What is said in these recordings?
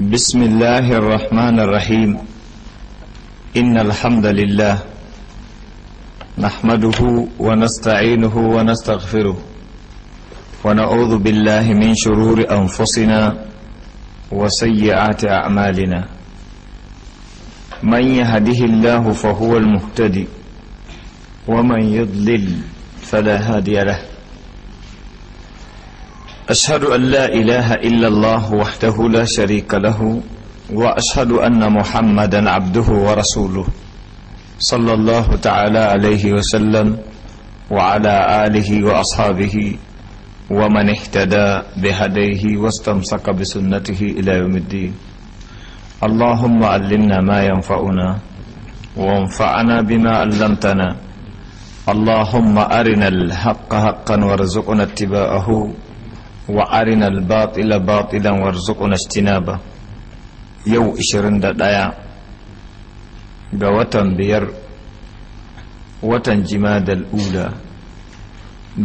بسم الله الرحمن الرحيم إن الحمد لله نحمده ونستعينه ونستغفره ونعوذ بالله من شرور أنفسنا وسيئات أعمالنا من يهده الله فهو المهتدي ومن يضلل فلا هادي له أشهد أن لا إله إلا الله وحده لا شريك له وأشهد أن محمدا عبده ورسوله صلى الله تعالى عليه وسلم وعلى آله وأصحابه ومن اهتدى بهديه واستمسك بسنته إلى يوم الدين اللهم علمنا ما ينفعنا وانفعنا بما علمتنا اللهم أرنا الحق حقا وارزقنا اتباعه وأرنا الباطل باطلا وارزقنا اجتنابه يو إشرين دايا بوتن بير watan jimadal ula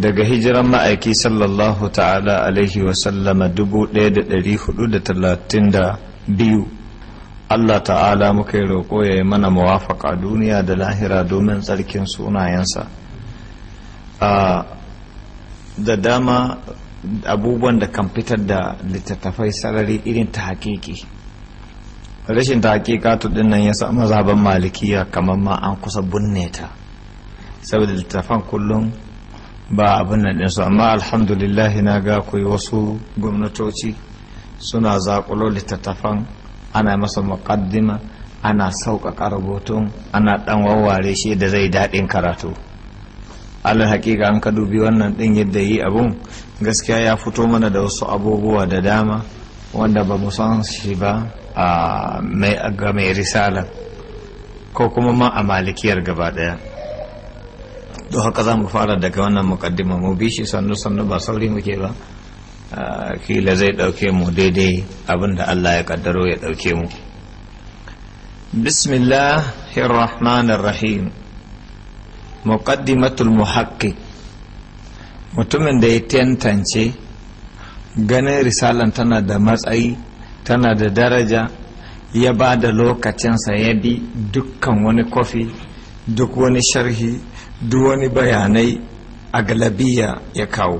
daga hijiran ma'aiki sallallahu ta'ala alaihi wasallama biyu Allah ta'ala muka yi roƙo ya yi mana mawafaka duniya da lahira domin tsarkin sunayensa a da dama abubuwan da kan fitar da littattafai sarari irin ta hakiki rashin ta hakika to din nan ya sa mazaban malikiya kamar ma an kusa binne ta saboda littattafan kullum ba abin nan ɗinsu amma alhamdulillah na ga akwai wasu gwamnatoci suna zakulo littattafan ana masa muƙaddima ana sauƙaƙa rubutun ana ɗan wawware shi da zai daɗin karatu alal hakika an ka dubi wannan ɗin yadda yi abun gaskiya ya fito mana da wasu abubuwa da dama wanda ba mu san shi ba a ga mai risala ko kuma ma a malikiyar gaba daya don haka za mu fara daga wannan mukaddima mu bi shi sannu sannu ba sauri muke ba kila zai dauke mu daidai abinda Allah ya kaddaro ya dauke mu bismillahir rahmanir rahim muqaddimatul muhaqqiq mutumin da ya tantance ganin risalan tana da matsayi tana da daraja ya ba da lokacinsa ya bi dukkan wani kofi duk wani sharhi duk wani bayanai a galabiya ya kawo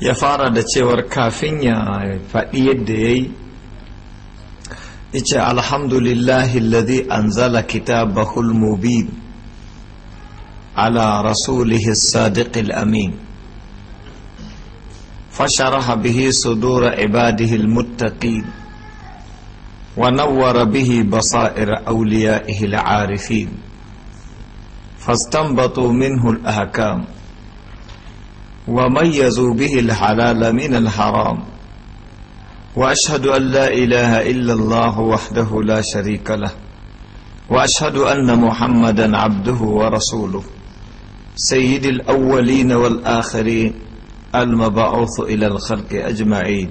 ya fara da cewar kafin ya faɗi yadda ya yi ice alhamdulillahi an anzala kitabahul mubin على رسوله الصادق الامين فشرح به صدور عباده المتقين ونور به بصائر اوليائه العارفين فاستنبطوا منه الاحكام وميزوا به الحلال من الحرام واشهد ان لا اله الا الله وحده لا شريك له واشهد ان محمدا عبده ورسوله سيد الأولين والآخرين المبعوث إلى الخلق أجمعين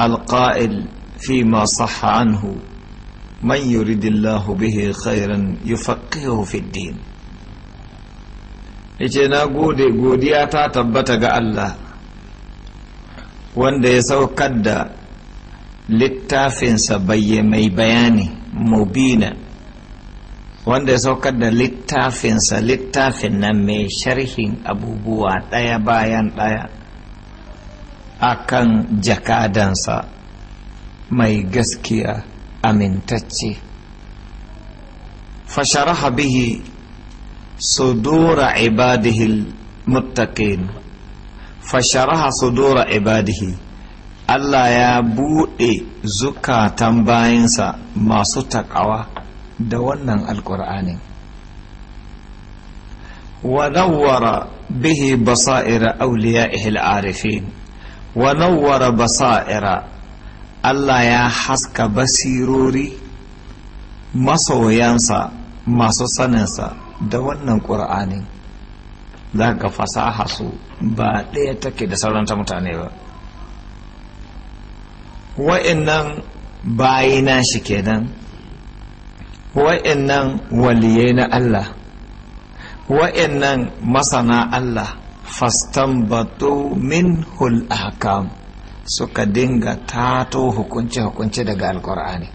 القائل فيما صح عنه من يرد الله به خيرا يفقهه في الدين yace قودي قودي godiya ta tabbata ga Allah wanda ya saukar da littafinsa mai bayani wanda ya saukar da littafinsa littafin nan mai sharhin abubuwa ɗaya bayan ɗaya kan jakadansa mai gaskiya amintacce fasharaha bihi sudura ibadihi muttaqin fasharaha sudura ibadihi Allah ya buɗe zukatan bayansa masu taƙawa da wannan alkur'anin ونور به بصائر أوليائه العارفين ونور بصائر allah ya haska basirori masoyansa masu saninsa da wannan ƙur'ani. za ga fasaha su ba ɗaya take da sauran ta mutane ba wa'annan bayina shi kenan wa'annan waliyai na Allah wa'annan masana Allah batu min ahkam suka dinga tato hukunce-hukunce daga alkur'ani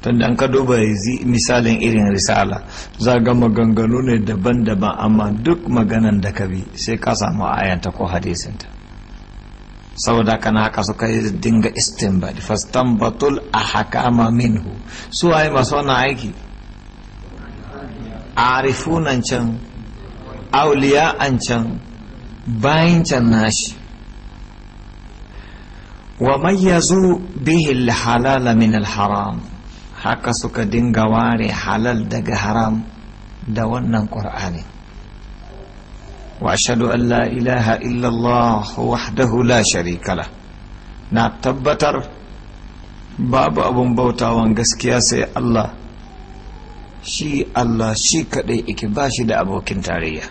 tun da ka duba misalin irin risala za ga maganganu ne daban-daban amma duk maganan da ka bi sai ka samu ayanta ko hadisinta saboda kana haka suka yi dinga istinbadi fastanbatul ahkama minhu su ai masu wani aiki arifunan can auliya an can bayan can nashi wa mayyazu bihi halala min haram haka suka dinga ware halal daga haram da wannan ƙur'anin واشهد ان لا اله الا الله وحده لا شريك له na tabbatar babu abun bautawan gaskiya sai Allah shi Allah shi kaɗai ike ba shi da abokin tarayya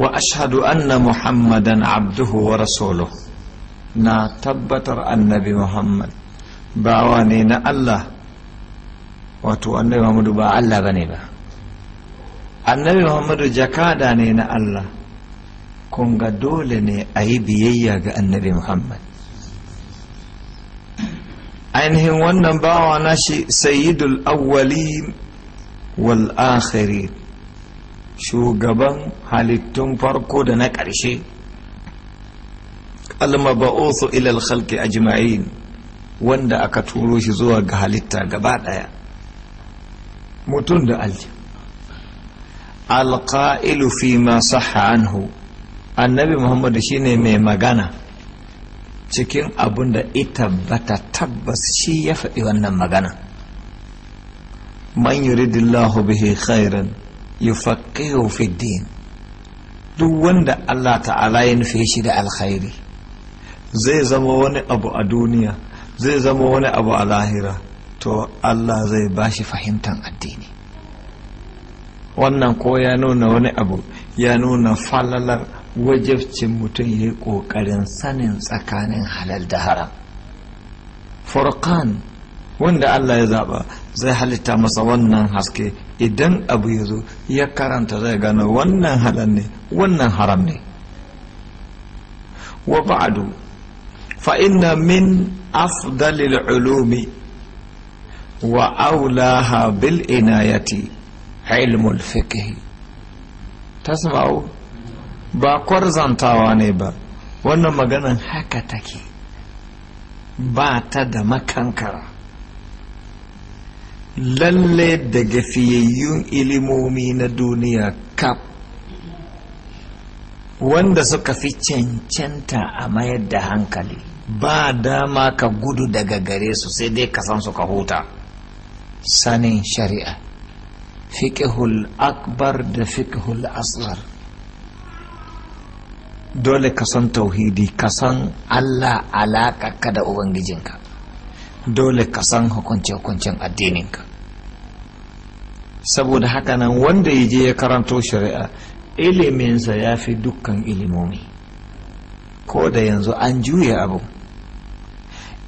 wa ashadu anna muhammadan abduhu wa rasuluh na tabbatar annabi muhammad bawa ne na Allah wato annabi muhammadu ba Allah bane ba annabi muhammadu jakada ne na allah kun ga dole ne a yi biyayya ga annabi muhammad ainihin wannan bawa na shi sayyidul awwali wal akhiri shugaban halittun farko da na ƙarshe almaba'usu ilal khalqi ajma'in wanda aka turo shi zuwa ga halitta gaba ɗaya mutum da aljihu alƙa'ilu fi ma sahha anhu annabi muhammad shine mai magana cikin abun da ita bata tabbas shi ya faɗi wannan magana man yuridillahu bihi khairan yufaqihu fi din duk wanda Allah ta'ala ya nufe shi da alkhairi zai zama wani abu a duniya zai zama wani abu a lahira to Allah zai bashi fahimtar addini wannan ko ya nuna wani abu ya nuna falalar wajabcin mutum ya yi ƙoƙarin sanin tsakanin halal da haram furkan wanda allah ya zaba zai halitta masa wannan haske idan abu ya zo ya karanta zai gano wannan halal ne wannan haram ne wa ba'du fa inna min afdalil ulumi wa aulaha bil inayati علم الفقه تسمعوا ba kwarzantawa ne ba wannan maganan haka take ba ta da makankara lalle daga fiyayyun ilimomi na duniya kaf wanda suka fi cancanta a mayar da hankali ba dama ka gudu daga gare su sai dai ka san su ka huta sanin shari'a fiƙihul akbar da fiƙihul asghar dole ka san tauhidi ka san allah alaƙa da ubangijinka dole ka san hukunce-hukuncen addininka saboda haka nan wanda ya je ya karanto shari'a iliminsa ya fi dukkan ilimomi ko da yanzu an juya abu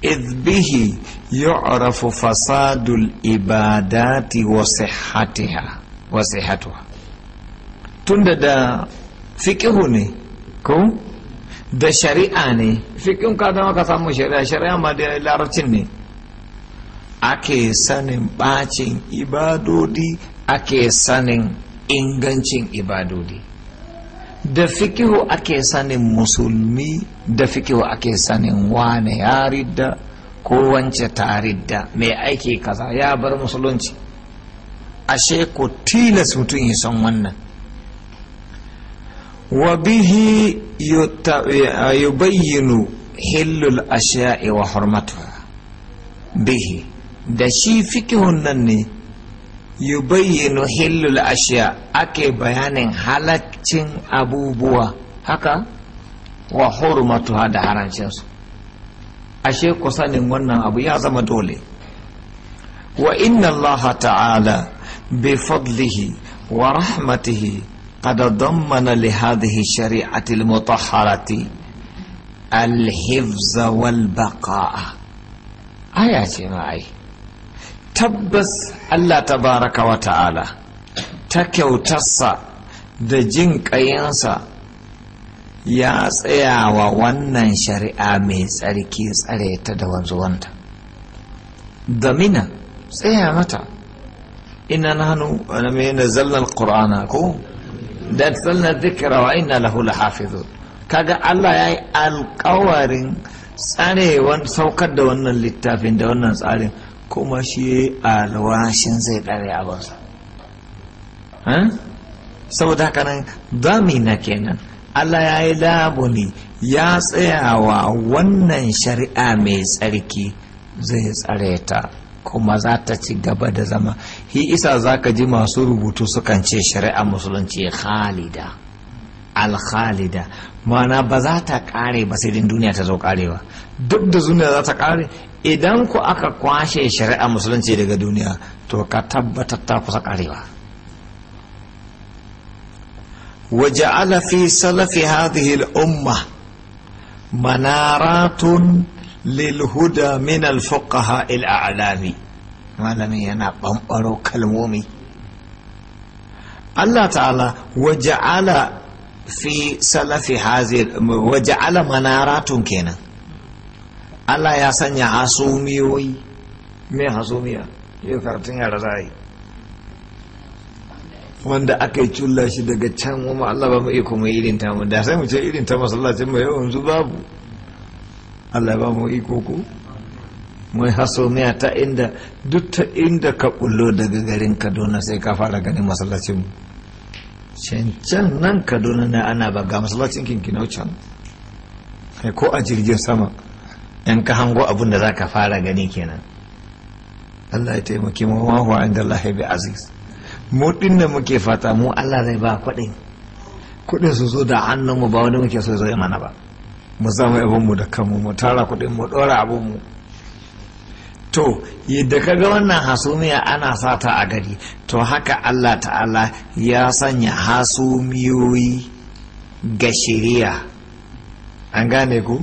إذ به يعرف فساد الإبادات وصحتها da shari'a ne fikin ka zama shari'a shari'a ma da larabcin ne ake sanin bacin ibadodi ake sanin ingancin ibadodi da fikihu ake sanin musulmi da fikihu ake sanin wane ya ridda ko wance ta ridda mai aiki kaza ya bar musulunci ashe ko tilas mutum ya san wannan wa bihi yubayyinu hillul ashiya'i wa hurmatuha bihi da shi fikihun nan ne yubayyinu hillul ashiya ake bayanin halaccin abubuwa haka wa hurmatuha da harancinsu ashe ku sanin wannan abu ya zama dole wa inna Allah ta'ala bi fadlihi wa rahmatihi qad dammana li hadhihi shari'ati al-mutahharati al-hifza wal aya tabbas Allah Ta Baraka wa ta'ala ta kyautarsa da jin ƙayansa ya tsayawa wannan shari'a mai tsarki tsare ta da wanzuwanta damina tsaya mata ina nanu na mai zallar qur'ana ko da tsallar zikira wa ina lahu lahafizun kaga Allah ya yi alkawarin tsare saukar da wannan littafin da wannan tsarin kuma shi alwashin zai ɗare abinsa saboda haka nan damina kenan Allah ya yi labuni ya tsayawa wannan shari'a mai tsarki zai tsare ta kuma za ta ci gaba da zama hi isa za ka ji masu rubutu sukan ce shari'a musulunci khalida al-khalida mana ba za ta kare ba sai din duniya ta zo karewa duk da duniya za ta kare idan ku aka kwashe shari'a musulunci daga duniya to ka tabbatar ta kusa karewa waja'ala fi salafi hadhihi al-umma manaratun lil huda min al-fuqaha al-a'lami malamin yana bambaro kalmomi Allah ta'ala waja'ala fi salafi hadhihi waja'ala manaratun kenan Allah ya sanya hasumiyoyi mai hasumiya yau karatun yara za yi wanda aka yi culla shi daga can kuma Allah ba mu iya kuma irin ta da sai mu ce irin ta masallacin mu yawan yanzu babu Allah ba mu iko ku mai hasumiya ta inda duk ta inda ka bullo daga garin Kaduna sai ka fara ganin masallacin mu can nan Kaduna na ana ba ga masallacin kinkinau can ko a jirgin sama in ka hango abin da za ka fara gani kenan Allah ya taimake mu ma huwa inda Allah ya bi aziz mu din da muke fata mu Allah zai ba kuɗin kuɗin su zo da hannun mu ba wani muke so zai mana ba mu zama abin mu da kanmu mu tara kuɗin mu ɗora abin mu to yadda ka ga wannan hasumiya ana sata a gari to haka Allah ta'ala ya sanya hasumiyoyi ga shari'a an gane ku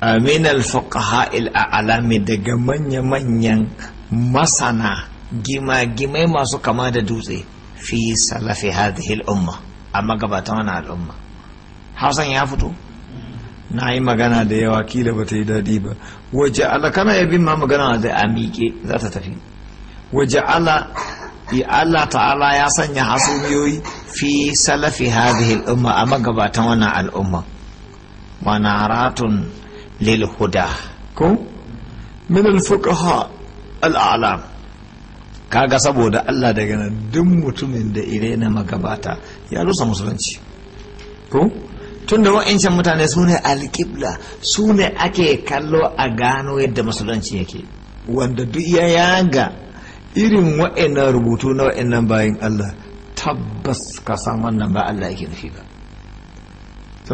Amin ah, al-fuqaha al-a'lami daga manya-manyan masana gima-gimai masu kama da dutse fi salafi hadhihi al-umma a magabatan wannan al'umma Hassan ya fito na yi magana da yawa kila ba ta yi daɗi ba waje ala kana ya bin ma magana da amike za ta tafi waje ala Allah ta'ala ya sanya hasumiyoyi fi salafi hadhihi al-umma a magabatan wannan al'umma manaratun lil huda ko min al fuqaha kaga saboda Allah daga nan duk mutumin da irena magabata ya rusa musulunci ko tun da wa'ancan mutane su ne alƙibla su ne ake kallo a gano yadda musulunci yake wanda duk ya yaga irin wa'annan rubutu na wa'annan bayan Allah tabbas ka san wannan ba Allah yake nufi ba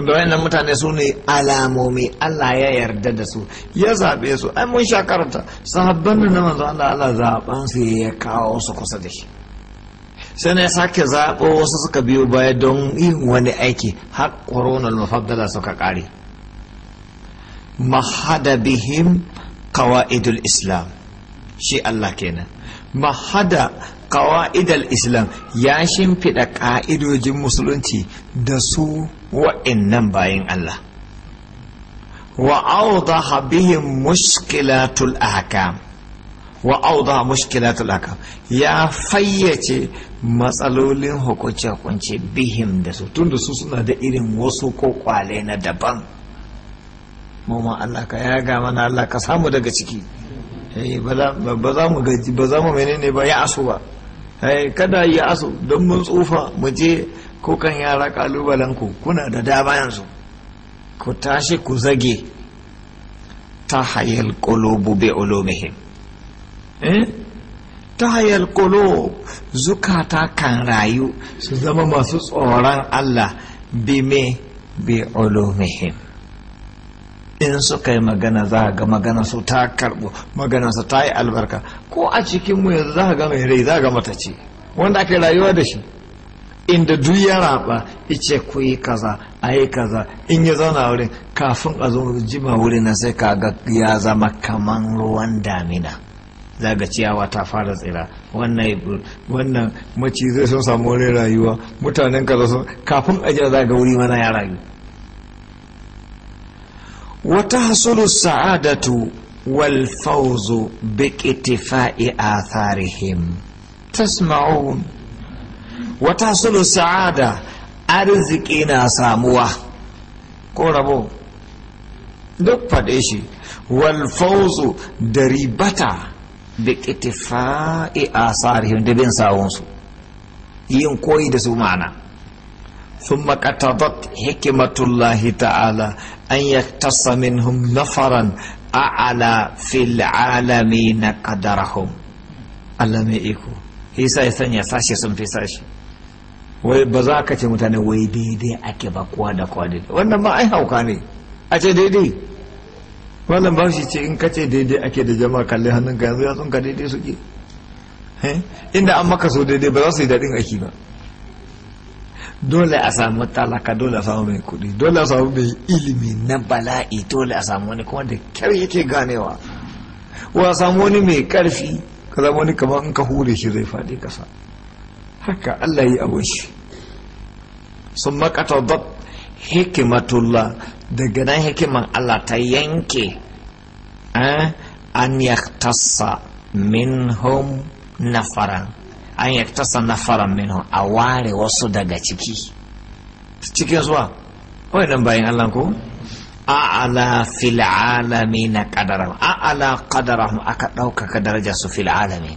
da wayannan mutane su ne alamomi Allah ya yarda da su ya zaɓe su ai mun sha karanta sahabban nan na manzo Allah Allah zaɓan su ya kawo su kusa da shi sai na sake zaɓo wasu suka biyo baya don yin wani aiki har koronal mafaddala suka ƙare mahada bihim qawaidul islam shi Allah kenan mahada qawaidul islam ya shimfiɗa ƙa'idojin musulunci da su wa'innan bayin Allah wa awdaha bihim mushkilatul ahkam wa mushkilatul ahkam ya fayyace matsalolin hukunci-hukunci bihim da su tun da su suna da irin wasu ko kwale na daban mamma Allah ka yaga mana Allah ka samu daga ciki eh, ba za mu ba za mu menene ba ya asu ba Eh, kada yi asu don mun tsufa mu je kukan yara kalubalen kuna da dama yanzu ku tashi ku zage ta hayal kolobu be olomihim eh? ta hayal kolobu zukata kan rayu su zama masu tsoron Allah bi me be in suka yi magana za ga magana su ta karbo magana su ta yi albarka ko a cikin mu yanzu za ga mai rai za ga matace wanda ake rayuwa da shi inda duk ya raba ice ku yi kaza a yi kaza in ya zauna wurin kafin a zo jima wuri na sai kaga ya zama kaman ruwan damina Za ga ciyawa ta fara tsira wannan wannan macizai sun samu wani rayuwa mutanen kaza sun kafin a jira ga wuri mana ya rayu وتحصل السعادة والفوز باكتفاء آثارهم تسمعون وتحصل السعادة أرزقنا ساموة كوربو duk faɗe shi walfauzu da ribata da ƙitifa'i a tsarihin da bin sawunsu yin koyi da su ma'ana ثم قتضت حكمة الله تعالى أن يقتص منهم نفرا أعلى في العالمين قدرهم Allah mai iko isa ya sanya sashe sun fi sashe wai ba za ka ce mutane wai daidai ake ba kowa da kowa daidai wannan ma ai hauka ne a ce daidai wannan ba ce in ka ce daidai ake da jama'a kalli hannun ka yanzu ka daidai suke inda an maka so daidai ba za su yi daɗin aiki ba dole a samu talaka dole a samu mai kudi dole a samu mai ilimi na bala'i dole a samu wani kuma da kyau yake ganewa wa samu wani mai karfi ka zama wani kamar in ka hure shi zai faɗi kasa haka Allah yi abin shi sun makata ba hikimatullah daga nan hikiman Allah ta yanke eh, an yaktasa minhum nafaran an yaktasa nafaran minhu a ware wasu daga ciki cikin zuwa wayannan bayan Allah ko a'ala fil alamin qadarahum a'ala qadarahum aka ɗaukaka daraja su fil alamin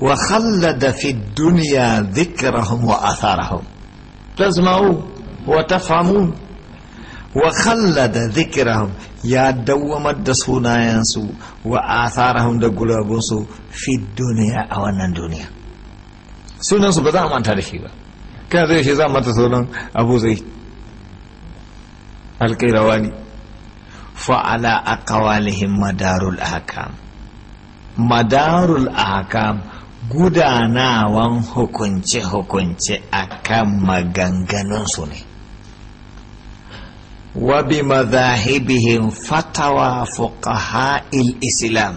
wa khallada fi dunya dhikrahum wa atharahum tasma'u wa tafhamun wa da dhikrahum ya dawwamar da sunayensu wa atharahum da gulabunsu fi duniya a wannan duniya sunansu ba za a manta da shi ba Kan zai shi za a manta sunan abu zai alƙairawani fa'ala kawalihin madarul ahkam madarul ahkam gudanawan hukunce-hukunce akan maganganunsu ne وبمذاهبهم فتوى فقهاء الإسلام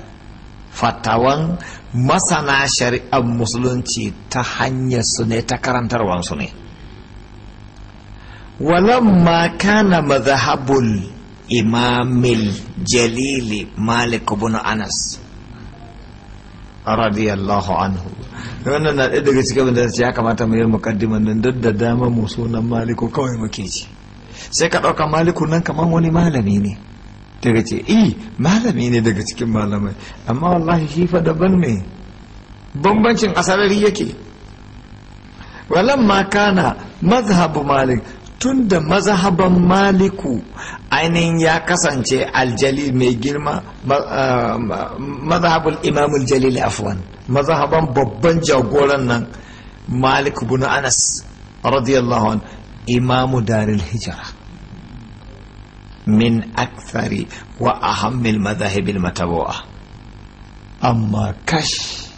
fatawan masana shari'ar musulunci ta hanyar su ne ta karantarwansu ne walamma kana mazhabul imamil jalili malik ibn anas radiyallahu anhu wannan na ɗaya daga cikin da ya kamata mu yi mukaddiman nan duk dama mu sunan maliku kawai muke ci sai ka ɗauka maliku nan kamar wani malami ne daga ce i eh, malami ne daga cikin malamai amma wallahi shi fa daban ne bambancin asarari yake walamma kana mazhabu malik tun da mazhaban maliku ainihin ya kasance aljalil mai girma mazhabul imamul jalil afwan mazhaban babban jagoran nan malik bin anas radiyallahu anhu imamu daril hijira min akthari wa ahammil mazahibil matabu'a amma kash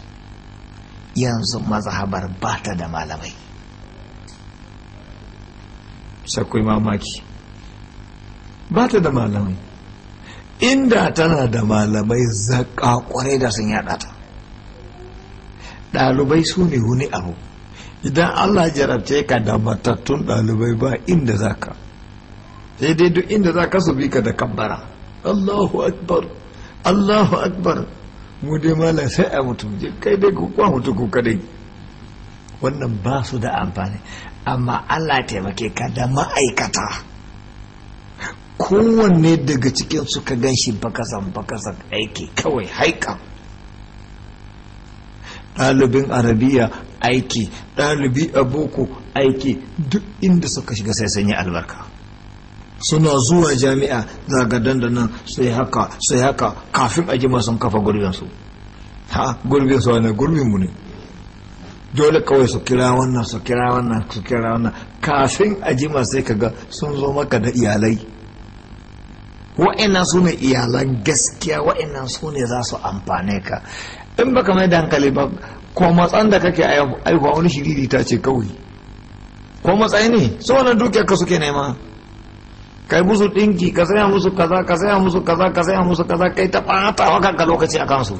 yanzu mazhabar ba ta da malamai sakwai ba ta da malamai inda tana da malamai zaƙaƙwarai da sun yaɗata ɗalibai su ne wani abu idan allah jarabce ka da matattun ɗalibai ba inda za ka sai dai duk inda za ka su bi ka da kabbara allahu akbar allahu akbar mu dai malam sai a mutum je kai dai ku kwa mutu ku kadai wannan ba su da amfani amma allah taimake ka da ma'aikata kowanne daga cikin suka gan shi bakasan bakasan aiki kawai haika ɗalibin arabiya aiki ɗalibi a boko aiki duk inda suka shiga sai sun yi albarka suna zuwa jami'a zaga dandanan sai haka sai haka kafin a jima sun kafa gurbinsu ha gurbinsu wani mu ne dole kawai su kira wannan su kira wannan su kira wannan kafin a jima sai kaga sun zo maka da iyalai wa'ina su ne iyalan gaskiya wa'ina su ne za su amfane ka in baka mai da hankali ba ko matsan da kake aihuwa wani shiriri ta ce kawai ko matsayi ne so wani dukiyar ka suke nema kai musu dinki ka saya musu kaza ka saya musu kaza ka saya musu kaza kai ta bata wa kanka lokaci a kansu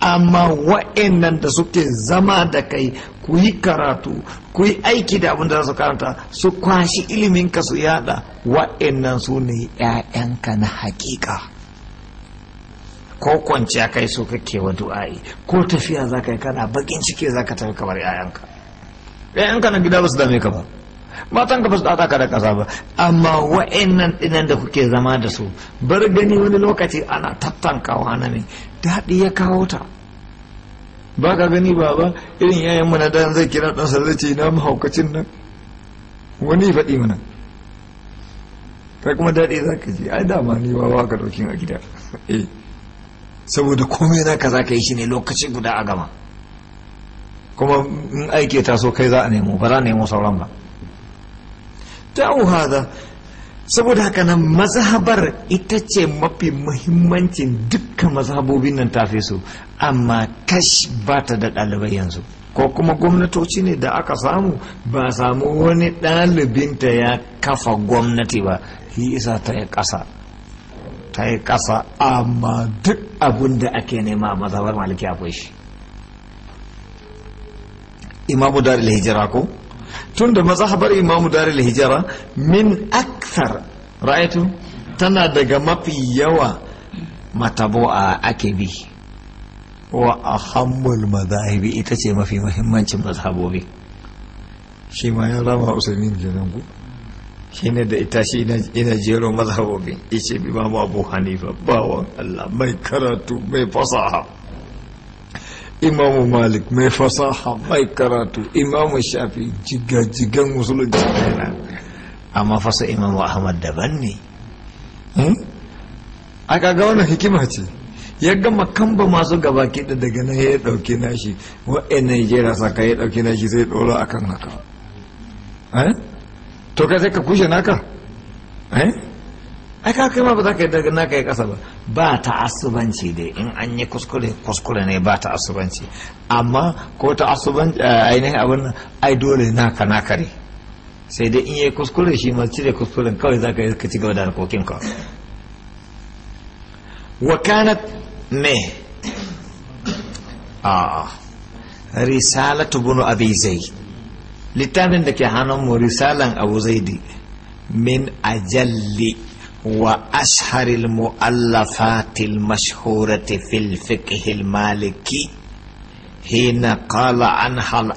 amma wa'annan da suke zama da kai ku yi karatu ku yi aiki da abin da su karanta su kwashi ilimin ka su yada wa'annan su ne 'ya'yanka na hakika ko kwanciya kai so kake wa du'a'i ko tafiya za ka yi kana bakin ciki za ka tafi kamar 'ya'yanka 'ya'yanka na gida ba su dame ka ba matan ka ba su ɗata ka da kasa ba amma wa'annan dinan da kuke zama da su bar gani wani lokaci ana tattankawa na ne daɗi ya kawo ta ba ka gani ba ba irin yayan mu na dan zai kira sa zai ce na mahaukacin nan wani faɗi mana kai kuma daɗi za ka ji ai dama ni ba ba ka ɗaukin a gida eh saboda komai na ka za ka yi shi ne lokaci guda a gama kuma in aike so kai za a nemo ba za a nemo sauran ba uha za saboda haka nan mazhabar ita ce mafi muhimmancin dukkan mazhabobin nan tafi su amma kash ba ta da ɗalibai yanzu ko kuma gwamnatoci ne da aka samu ba samu wani ɗalibinta ya kafa gwamnati ba yi isa ta ya ƙasa ta yi ƙasa amma duk abin da ake nema a mazhabar maliki akwai shi imamu daril hijira ko tun da mazhabar imamu Dari hijira min aksar ra'aitu tana daga mafi yawa a ake bi wa ahammul madhahibi ita ce mafi muhimmancin mazhabobi shi ma ya rama usulmin jirgin shine da ita shi ina jero mazhabobin ice bi mu abu hanifa bawan allah mai karatu mai fasaha imamu malik mai fasaha mai karatu imamu shafi jigajigan musulunci kaina amma fasa imamu ahmad daban ne hmm? Aka ga wannan hikima ce ya gama kamba masu gaba kiɗa daga nan ya ɗauki nashi wa'in nigeria saka ya ɗauki nashi sai ɗora akan haka eh? to kai sai ka kushe naka eh ai ka kai ma ba za ka yi naka ya kasa ba ba asubanci dai in an yi kuskure kuskure ne ba asubanci. amma ko ta'assubanci eh, ainihin abin ai dole naka naka ne sai dai in yi kuskure shi ma cire kuskuren kawai za ka yi ka ci gaba da harkokin ka wakanat me a risalatu bunu abi zai. littafin da ke hannunmu risalan abu zaidi min ajalli wa asharil mu'allafatil mashhurati fil fiqh maliki حين قال عنها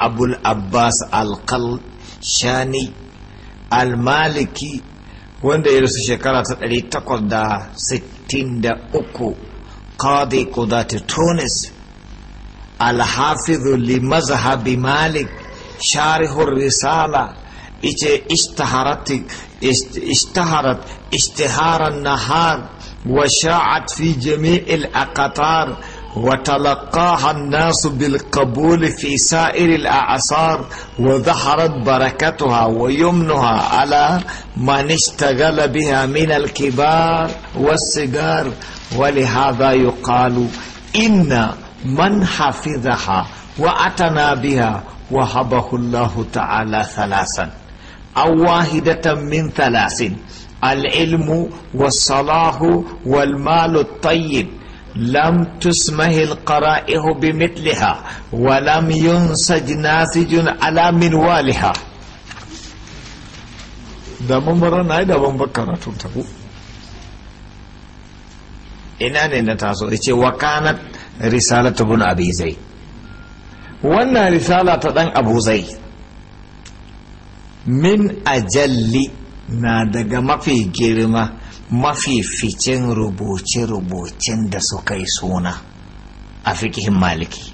abul abbas al القل al-maliki wanda ya rasu shekara ta ɗari takwas da sittin da uku qadi kudati tunis alhafizu li mazhabi malik شارح الرسالة اشتهرت اشتهرت اشتهار النهار وشاعت في جميع الأقطار وتلقاها الناس بالقبول في سائر الأعصار وظهرت بركتها ويمنها على من اشتغل بها من الكبار والصغار ولهذا يقال إن من حفظها وأتنا بها وهبه الله تعالى ثلاثا أو واحدة من ثلاث العلم والصلاح والمال الطيب لم تسمه القرائه بمثلها ولم ينسج ناسج على منوالها da mambaran na yi da bambar karatun tabu ina ne na taso ya ce wa kanat risalatu bin abi zaid wannan risala ta ɗan abu zai min ajalli na daga mafi girma mafi ficin rubuce-rubucen da suka yi suna a fikihin maliki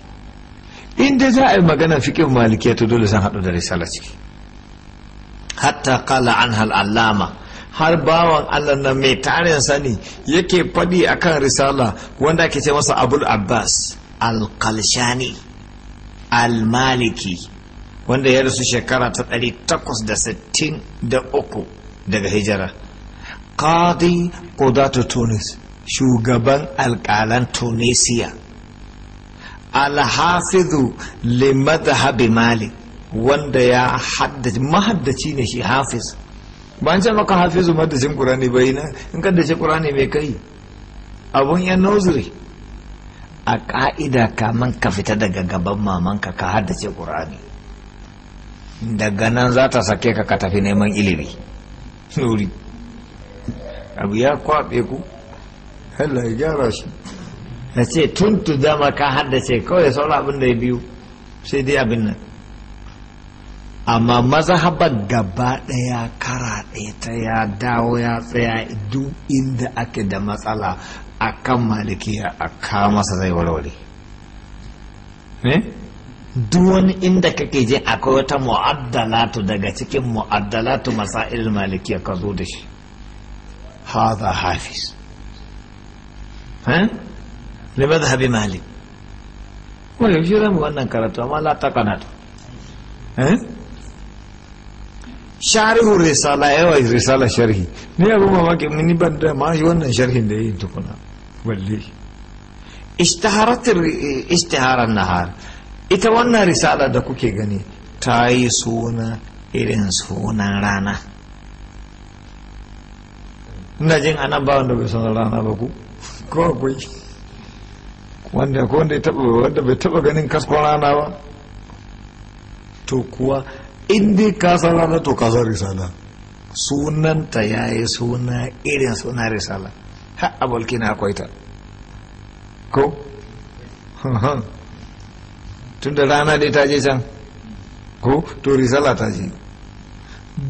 inda za a yi magana fikin maliki ta dole san haɗu da risala ciki hatta kala an al'allama har bawan allah na mai tarin sani yake faɗi akan risala wanda ake ce masa abul abbas al-kalshani al-maliki wanda ya rasu shekara ta 863 daga hijira qadi qudatu tunis shugaban alƙalan tunisiya alhafizu limadhhabi mali. wanda ya haddace mahaddaci ne shi hafiz ban ce maka hafizu maddacin qur'ani bai na in kaddace qur'ani mai kai abun ya nozuri a ƙa'ida kaman ka fita daga gaban mamanka ka haddace ƙur'ani daga nan za ta sake ka ka tafi neman ilimi Nuri. abu ya kwaɓe ku Allah ya gyara shi na ce tun tu dama ka haddace kawai saura abin da ya biyu sai dai abin nan amma mazhabar gaba ɗaya kara ɗaya ta ya dawo ya tsaya duk inda ake da matsala a kan malikiya a kama sa zai warware duk wani inda kake je akwai wata mu'addalatu daga cikin mu'addalatu masa'il malikiya ka zo da shi haza hafiz ne li madhhabi malik wala shi ran wannan karatu amma la ta eh sharihu risala yawa risala sharhi ne abu mamaki mini ban da ma shi wannan sharhin da yi tukuna balle ishtaharatul ishtiharar nahar ita wannan risala da kuke gani ta yi suna irin sunan rana ina jin anan ba wanda bai san rana ba ku ko akwai wanda ko wanda ya taba wanda bai taba ganin kaskon rana ba to kuwa in dai ka san rana to ka san risala sunanta yi suna irin sunan risala ha a burkina akwai ta ko tun da rana dai ta je can ko to risala ta je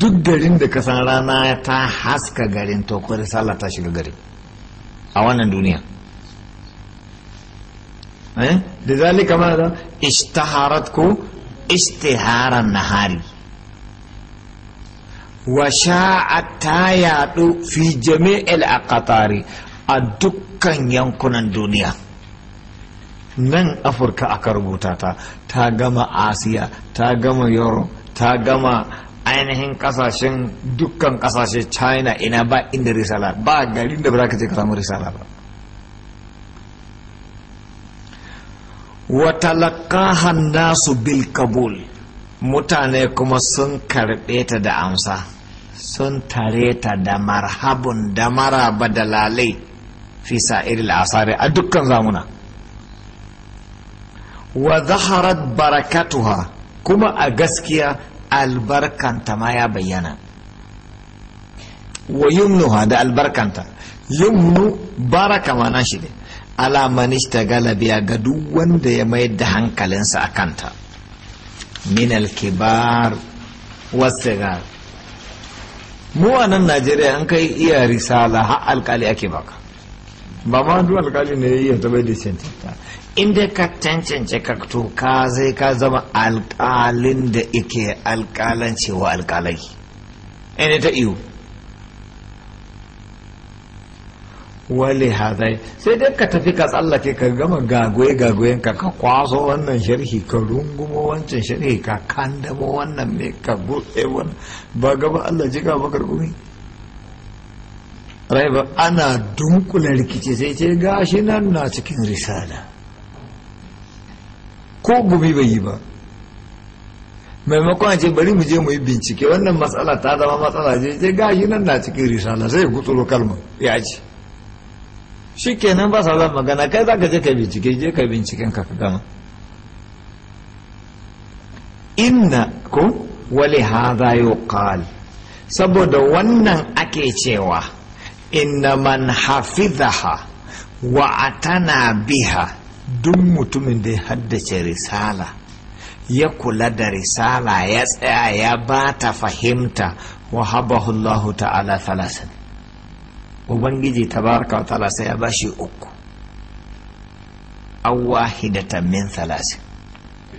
duk garin da kasan rana ta haska garin to ko risala ta shiga garin a wannan duniya eh? da zalika ma da ishtaharat ko ishtiharan nahari washa'at ta yaɗu fi jami'il aqtari a dukkan yankunan duniya nan afirka aka rubuta ta ta gama asiya ta gama yoro ta gama ainihin kasashen dukkan kasashe china ina ba inda risala ba garin da ba je ka samu risala ba wa talaqaha nasu bil kabul mutane kuma sun karɓe ta da amsa sun tare ta da marhabun da maraba da lalai fi sa'iril asari a dukkan zamuna wa zaharat barakatuha kuma a gaskiya albarkanta ma ya bayyana wa yumnuha da albarkanta yumnu baraka mana shi ne alamanista galabiya ga duk wanda ya mayar da hankalinsa a kanta min al-kibar wasigar mu a nan najeriya an kai iya risala har alkali ake baka ba ma duk alkali ne ya taba da cancanta inda ka cancance ka to ka zai ka zama alkalin da ike alkalancewa alkalai ina ta iyo wale hadai sai dai ka tafi ka tsallake ka gama gagoye gagoyen ka ka kwaso wannan sharhi ka rungumo wancan sharhi ka kandamo wannan ne ka buɗe wannan ba gaba Allah jika ba karkumi rai ba ana dunkula rikici sai ce gashi nan na cikin risala ko gumi bai yi ba maimakon a ce bari mu je mu yi bincike wannan matsala ta zama matsala ce ce gashi nan na cikin risala sai ya gutsuro kalmar ya ce shi kenan ba sa zan magana kai za ka je ka bincike je ka binciken ka ka gama inna ko wali hadha yuqal saboda wannan ake cewa inna man hafizaha wa atana biha duk mutumin da ya haddace risala ya kula da risala ya tsaya ya ba ta fahimta wa habahu Allah ta'ala salasani ubangiji tabaraka wa ta'ala sai ya bashi uku an wahidatan min thalasin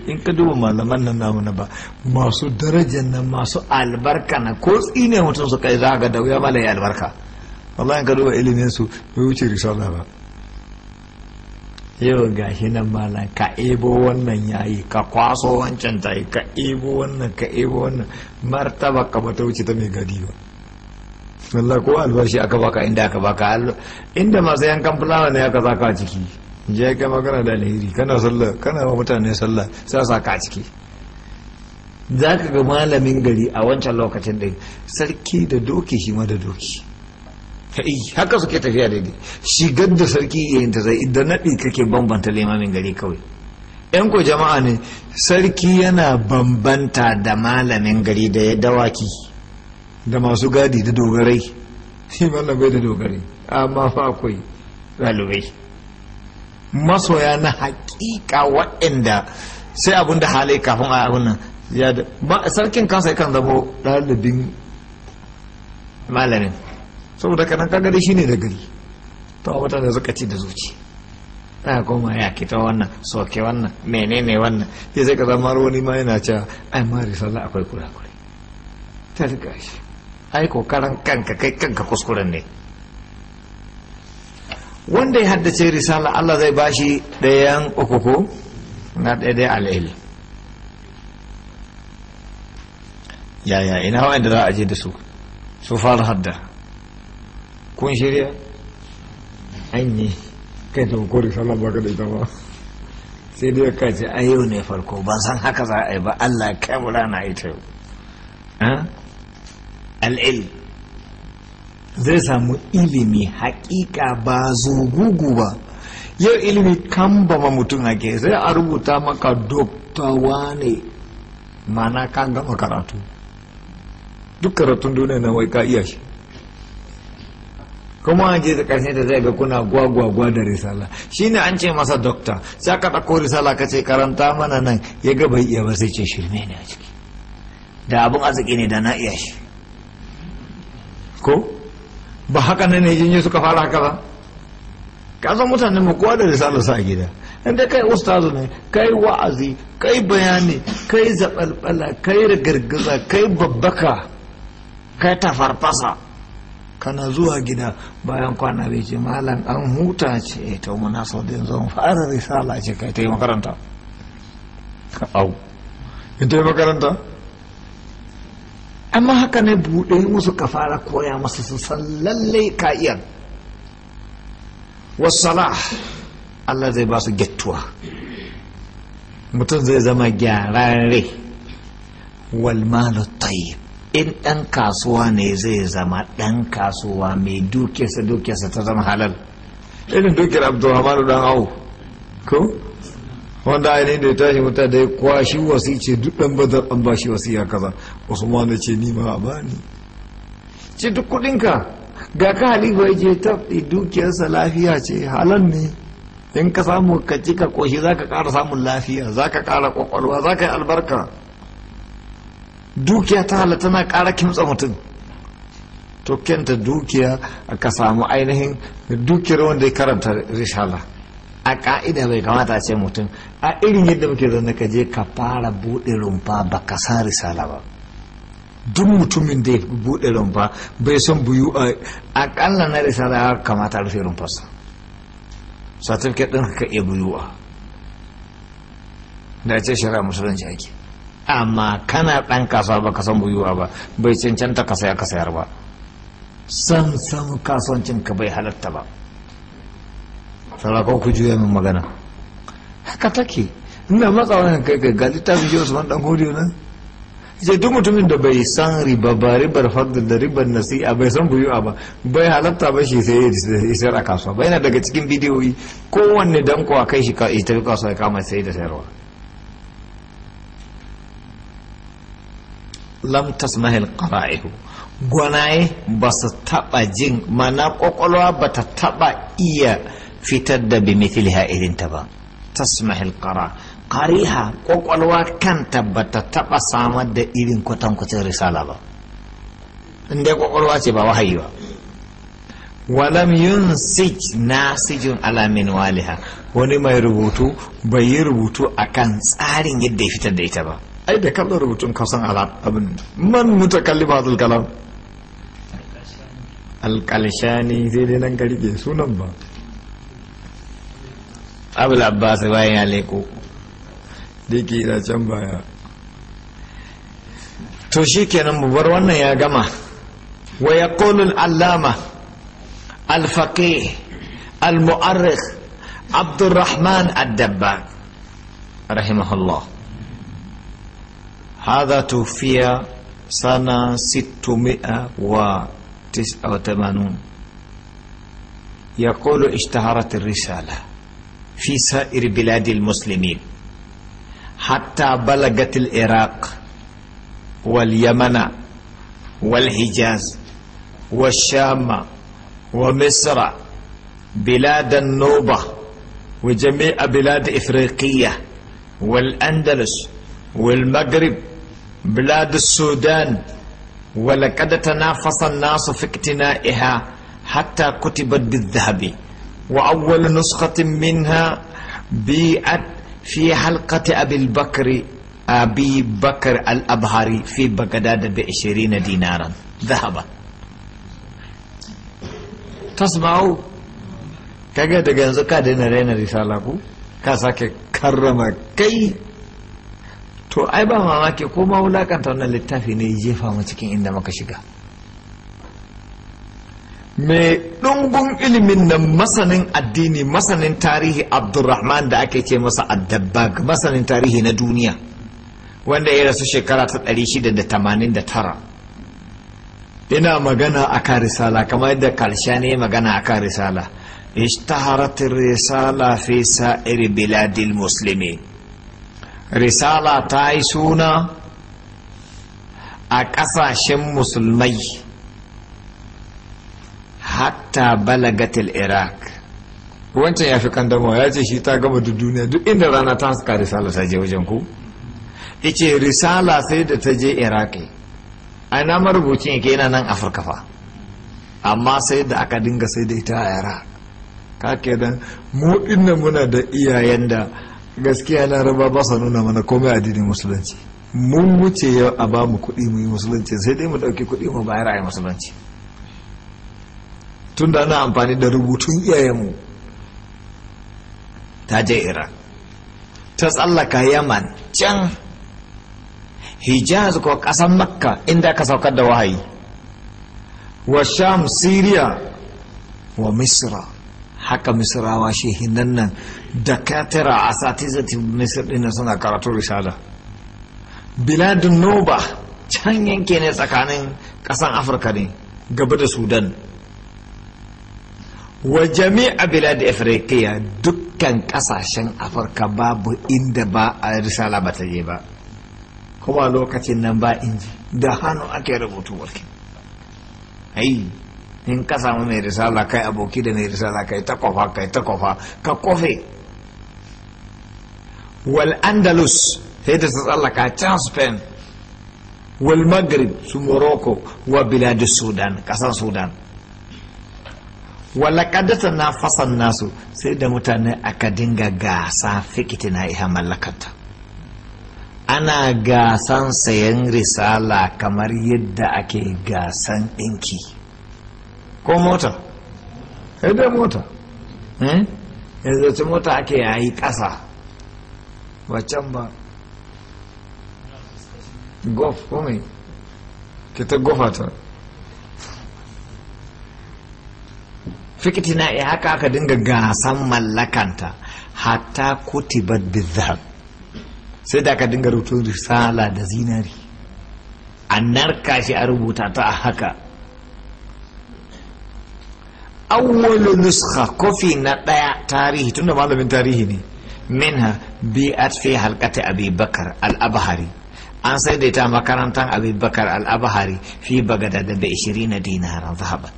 in ka duba malaman nan namu na ba masu darajar nan masu albarka na ko tsine mutum su kai za da wuya mala ya albarka wallahi in ka duba ilimin su bai wuce risala ba yau ga shi nan malam ka ebo wannan yayi ka kwaso wancan tayi ka ebo wannan ka ebo wannan martaba ka bata wuce ta mai gadi ba bismillah ko albashi aka baka inda aka baka inda masu yankan fulawa ne aka zaka a ciki je kai magana da alheri kana sallah kana mutane sallah sai saka a ciki za ka ga malamin gari a wancan lokacin da sarki da doki shi ma da doki haka suke tafiya daidai shigar da sarki yayin ta zai idan naɗi kake bambanta limamin gari kawai yan ko jama'a ne sarki yana bambanta da malamin gari da dawaki da masu gadi da dogarai shi mallam bai da dogarai amma fa akwai ɗalibai masoya na hakika waɗanda sai abin da halai kafin a abin nan ya da sarkin kansa yakan zama ɗalibin malamin saboda kanan kagari shi ne da gari to a da suka ci da zuci ta koma ya kita wannan soke wannan menene wannan ya zai ka zama wani ma yana cewa ai ma risala akwai kurakurai ta riga shi ai kokarin kanka kai kanka kuskuren ne wanda ya haddace risala Allah zai bashi ɗayan ukuku na ɗaya al'il yaya ina wa'anda za a je da su su fara hadda kun shirya an yi kai ta hukuri risala ba ka da ita ba sai dai ka ce a yau ne farko ban san haka za a yi ba Allah kai mu rana ita yau hm? al'ilm zai samu ilimi hakika ba zugugu ba yau ilimi kan ba mutum ake sai a rubuta maka dokta ne mana ka gama karatu duk karatun duniya na wai ka iya shi kuma an je da karshe da zai ga kuna gwagwagwa da risala ne an ce masa dokta sai aka ɗauko risala ka ce karanta mana nan ya gaba iya ba sai ce shirme ne a ciki da abin arziki ne da na iya shi ko ba haka ne ne yi suka fara haka ba ka san mutane mu kowa da risala a gida in dai kai ustazu ne kai wa'azi kai bayani kai zaɓalɓala kai rigargaza kai babbaka kai tafarfasa kana zuwa gida bayan kwana bai ce malam an huta ce eh, ta muna sau da yanzu fara risala ce kai ta yi makaranta au in ta yi makaranta amma haka ne buɗe musu ka fara koya masu su san lallai ka iya wasala Allah zai ba su gettuwa mutum zai zama gyararre walmalu tayyib in ɗan kasuwa ne zai zama ɗan kasuwa mai dukiyarsa dukiyarsa ta zama halal irin dukiyar abdulrahman dan hau ko wanda ainihin da ya tashi mutane da ya kwashi wasi ce duk dan bazar an bashi wasi ya kaza usman na ce ni ma a bani ce duk kudinka, ga ka halifa ya ce ta dukiyarsa lafiya ce halan ne in ka samu ka ci ka koshi za ka ƙara samun lafiya za ka ƙara ƙwaƙwalwa za ka yi albarka dukiya ta hala tana kara kimtsa mutum to kenta dukiya ka samu ainihin dukiyar wanda ya karanta rishala a ka'ida bai kamata ce mutum a irin yadda muke zan ka je ka fara buɗe rumfa ba ka sa risala ba duk mutumin da ya buɗe rumfa bai son buyu a ƙalla na risala ya kamata rufe rumfarsa ka ɗin ka iya buyu a da ce shara musulunci ake amma kana ɗan kasuwa ba ka san buyuwa ba bai cancanta ka saya ka sayar ba san san kasuwancin ka bai halatta ba sarakon ku juya min magana haka take ina matsa wani kai kai ga littafin shi usman dan godiyo nan ce duk mutumin da bai san riba ba ribar fadl da ribar nasi'a bai san a ba bai halatta ba shi sai ya sayar a kasuwa ba yana daga cikin bidiyoyi kowanne danko a kai shi ka ita kasuwa ya kama sai da sayarwa lam tasmahil qara'ihu gwanaye ba su taba jin mana kwakwalwa ba ta taba iya fitar da bimithiliha irin ta ba tasmahil qara qariha ƙwaƙwalwa kanta bata taba samar da irin kwatankwacin risala ba inda kwakwalwa ce ba wahayi ba walam yunsij nasijun ala min waliha wani mai rubutu bai yi rubutu akan tsarin yadda ya fitar da ita ba ai da kallon rubutun kasan ala abin man mutakallimatul kalam alkalshani zai dai nan garige sunan ba abul abbas bayan ya leko diki da can baya to shi kenan mu bar wannan ya gama wa yaqulu al-allama al-faqih al-mu'arrikh عبد الرحمن الدباك رحمه الله هذا توفي سنة ستمائة وتسعة وثمانون يقول اشتهرت الرسالة في سائر بلاد المسلمين حتى بلغت العراق واليمن والحجاز والشام ومصر بلاد النوبة وجميع بلاد إفريقية والأندلس والمغرب بلاد السودان ولقد تنافس الناس في اقتنائها حتى كتبت بالذهب وأول نسخة منها بيئت في حلقة أبي البكر أبي بكر الأبهري في بغداد بعشرين دينارا ذهبا تسمعوا kaga daga yanzu ka daina raina risala ku ka sake karrama kai to ai ba mamaki ko ma wulakanta wannan littafi ne ya jefa mu cikin inda muka shiga mai ɗungun ilimin nan masanin addini masanin tarihi abdulrahman da ake ce masa addabbag masanin tarihi na duniya wanda ya rasu shekara ta 689 ina magana a kan risala kamar yadda karshe ne magana a kan risala اشتهرت الرسالة في سائر بلاد المسلمين رسالة تايسونا a ƙasashen musulmai hatta balagatil iraq wancan ya fi kandamo ya ce shi ta gama duk duniya duk inda rana ta haska risala ta je wajen ku ice risala sai da ta je iraki a na marubucin yake yana nan afirka fa amma sai da aka dinga sai da ita a iraq ka ke dan mu inna muna da iyayen da gaskiya raba ba sa nuna mana komai addinin musulunci mun wuce yau a ba mu kuɗi mu yi musulunci sai dai mu ɗauki kuɗi mu bayar a yi musulunci tun da ana amfani da rubutun iyayenmu ta je iran ta tsallaka yaman can hijaz ko ƙasan makka inda ka saukar da wahayi wa sham siriya wa misra haka misrawa shehinan nan da katira a satizatin misir ɗin suna karatu risala biladun noba can yanke ne tsakanin ƙasan afirka ne gaba da sudan wa jami'a bilad afirkiya dukkan kasashen afirka babu inda ba a risala ba ta je ba kuma lokacin nan ba inji da hannu ake rubutu warki ai in ka samu mai risala kai aboki da mai risala kai ta kofa kai ta kofa ka kofe wal andalus sai da tsallaka can spain wal maghrib su morocco wa bilad sudan kasar sudan walakadata na fasan nasu sai da mutane aka dinga gasa fikiti na iya mallakanta ana gasan sayan risala kamar yadda ake gasan ɗinki ko mota sai da mota hmm? yanzu ci mota ake yayi ƙasa waccan ba gof kome kita ta gofa fikitina ya haka aka dinga gasan mallakanta hatta kutibat bizar sai da aka dinga rubuto risala da zinari a narka shi a rubuta ta a haka awwalu nuskha kofi na daya tarihi tunda malamin tarihi ne minha bi'at fi halqati abi bakar al-abhari an sai da ita makarantar abi bakar al-abhari fi bagada da 20 dinaran zahaban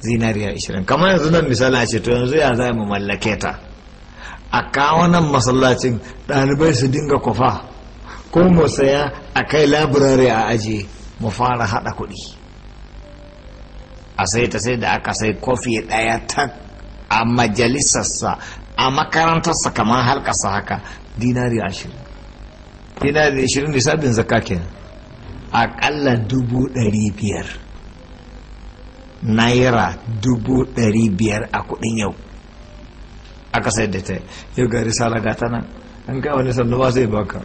zinariya 20 kamar yanzu nan misali ce to yanzu ya za mu mallake ta a kawo nan masallacin ɗalibai su dinga kwafa ko mu saya a kai labirare a aje mu fara haɗa kuɗi a sai ta sai da aka sai kofi ɗaya ta a majalisarsa a makarantarsa kamar halkarsa haka dinari ashirin dinari ashirin lissafin zakakin kenan ƙalla dubu ɗari biyar naira dubu ɗari biyar a kuɗin yau aka sayar da ta yau ga risala ga nan an ga wani sannu ba sai baka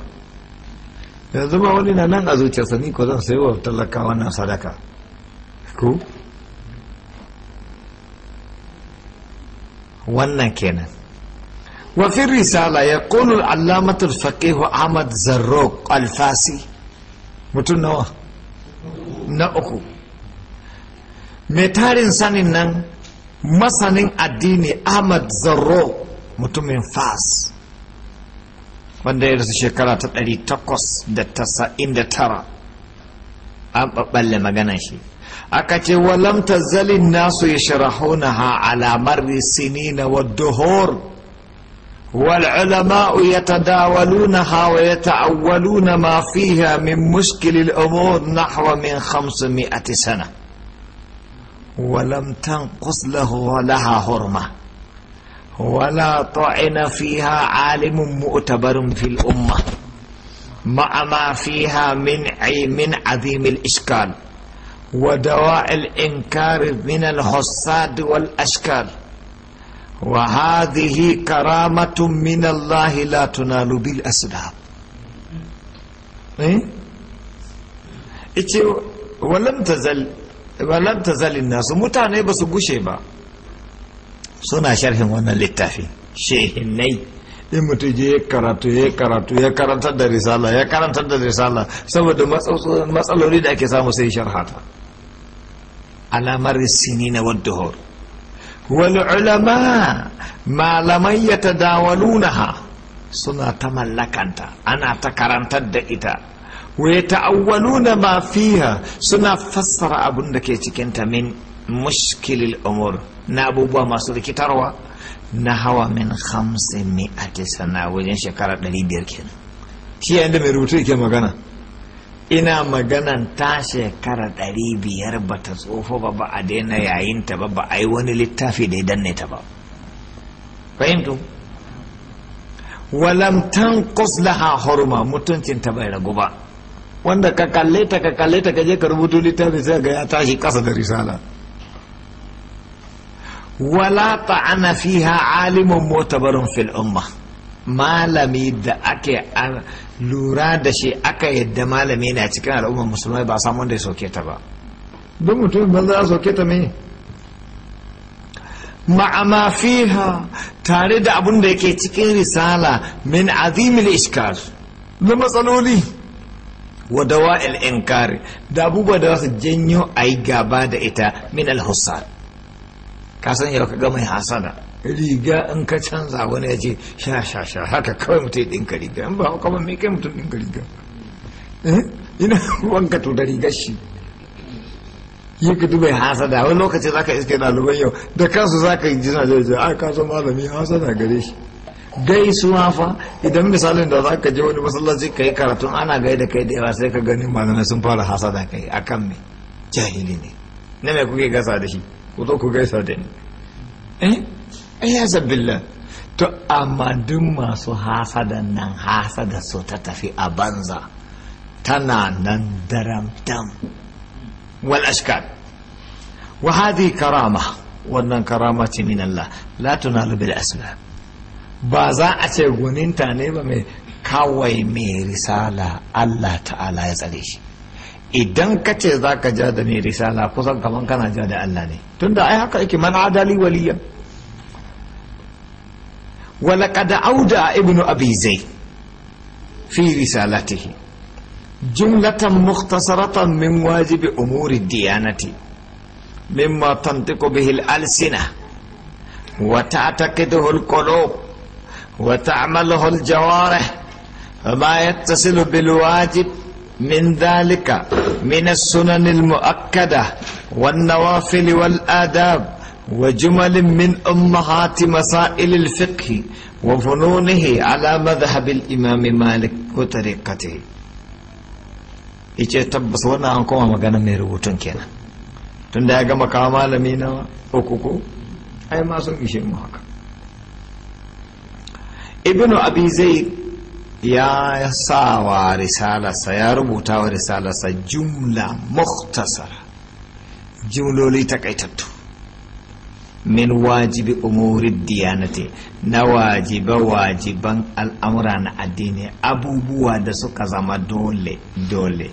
yanzu ba wani na nan a zuciyarsa ni ko zan sai wa talaka wannan sadaka ko wannan kenan ya وفي الرسالة Ahmad Zarro الفقيه أحمد زروق nawa? Na uku. mai tarin sanin nan masanin addini ahmad zarro mutumin fas wanda ya rasu shekara ta 899 an ɓaɓɓalle magana shi aka ce walam tazalin nasu ya sharahuna ha alamar sinina wa duhor والعلماء يتداولونها ويتأولون ما فيها من مشكل الأمور نحو من خمسمائة سنة ولم تنقص له ولها حرمة ولا طعن فيها عالم مؤتبر في الأمة مع ما فيها من من عظيم الإشكال ودواء الإنكار من الحصاد والأشكال وهذه كرامة من الله لا تنال بالأسباب إيه؟ ولم تزل ta tazalin nasu mutane ba su gushe ba suna sharhin wannan littafin shehinai in mutum je ya karatu ya karatu ya karantar da risala ya karantar da risala saboda matsaloli da ake samu sai sharhata alamar sini na wadduhur wani ulama malamai ya tadawalunaha suna ta mallakanta ana ta karantar da ita ta yata'awwaluna ma mafiya suna fassara abun da ke cikin ta min mushkilil umur na abubuwa masu rikitarwa na hawa min hamsin mi'ati sana wajen shekara 500 kenan shi yayin mai rubutu ke magana ina maganan ta shekara ɗari biyar ba ta tsofa ba ba a daina yayin ta ba ba a yi wani littafi da ya danne ta ba fahimtu walam tan laha hurma mutuncin ta bai ragu ba wanda ka kalle ta ka kalle ta ka je ka rubuto littafi sai ga ya tashi kasa da risala wala ta'ana fiha alimun mutabarun fil umma malami da ake lura da shi aka yadda malami na cikin al'ummar musulmai ba samu wanda ya soke ta ba don mutum ba za a soke ta me ma'ama fiha tare da abun da yake cikin risala min azimil iskar da matsaloli ودواء الإنكار دابو da abubuwa da za إتا janyo ayi gaba da ita min al-hussar ka ka ga mai riga ka canza wani ya ce sha sha sha haka kawai mutum ya ɗinka riga kawai kai ɗinka riga eh? da wani lokaci zaka iske ɗaliban yau da kansu zaka yi jina zai zai a ka malami na gare shi gaisuwa fa idan misalin da za ka je wani masallaci ka yi karatu ana gai da kai da yawa sai ka gani malamai sun fara hasada kai kan me jahili ne na mai kuke gasa da shi ku zo ku gaisa da ni eh ya zabbillah to amma duk masu hasada nan hasada so ta tafi a banza tana nan daram dam wal ashkal wa hadhi karama wannan karama ce min Allah la tunalu bil asbab ba za a ce guninta ne ba mai kawai mai risala Allah ta'ala ya tsare shi idan ka ce za ka ja da mai risala kusan kamar kana ja da Allah ne tunda ai haka yake mana adali waliyan wala kada auda ibnu abi zai fi risalatihi jumlatan mukhtasaratan min wajibi umuri diyanati mimma tantiqu bihi al-alsina wa ta'taqiduhu al-qulub وتعمله الجوارح فما يتصل بالواجب من ذلك من السنن المؤكدة والنوافل والآداب وجمل من أمهات مسائل الفقه وفنونه على مذهب الإمام مالك وطريقته yace tabbas wannan an koma magana mai rubutun kenan tunda ya gama kawo malami na uku ko ai ma sun ishe mu haka ibnu abi zai ya sa wa risalarsa ya rubuta wa risalarsa jumla muktasara jumloli takaitattu min wajibi umuri diyanati na wajiba wajiban al'amura na addini abubuwa da suka zama dole dole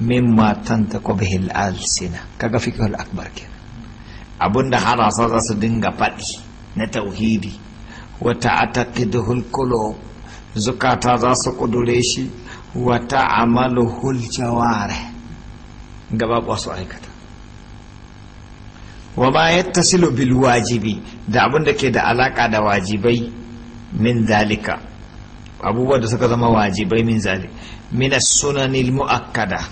min matan ta kwabihil alsina kaga fikihul akbar kenan abinda harasa za su dinga faɗi na tauhidi wata a atakiduhul kulo zukata za su kudure shi wata a amaluhul jaware gaba wasu aikata wa ma yatta silo bil wajibi da abin da ke da alaƙa da wajibai min zalika abubuwa da suka zama wajibai min zalika mina sunanil mu'akkada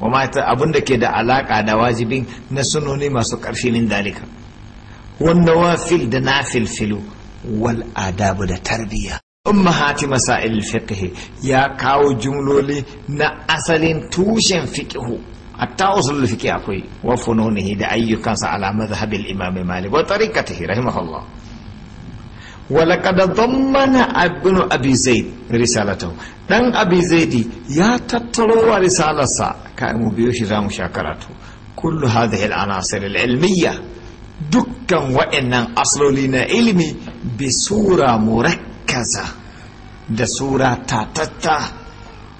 wa ma ta abin da ke da alaƙa da wajibin na sunoni masu ƙarfi min zalika wanda wa fil da na fil filu wal adabu da tarbiyya ummahati masail fiqh ya kawo jumloli na asalin tushen fiqh hatta usul fiqh akwai wa fununihi da ayyukansa ala madhhabil imam malik wa tariqatihi rahimahullah ولقد ضمن ابن ابي زيد رسالته دان ابي زيد يا تترو رسالته كان مبيوش زامو شاكرته كل هذه العناصر العلميه dukkan wa'annan asaloli na ilimi bi sura murakkaza da sura tatatta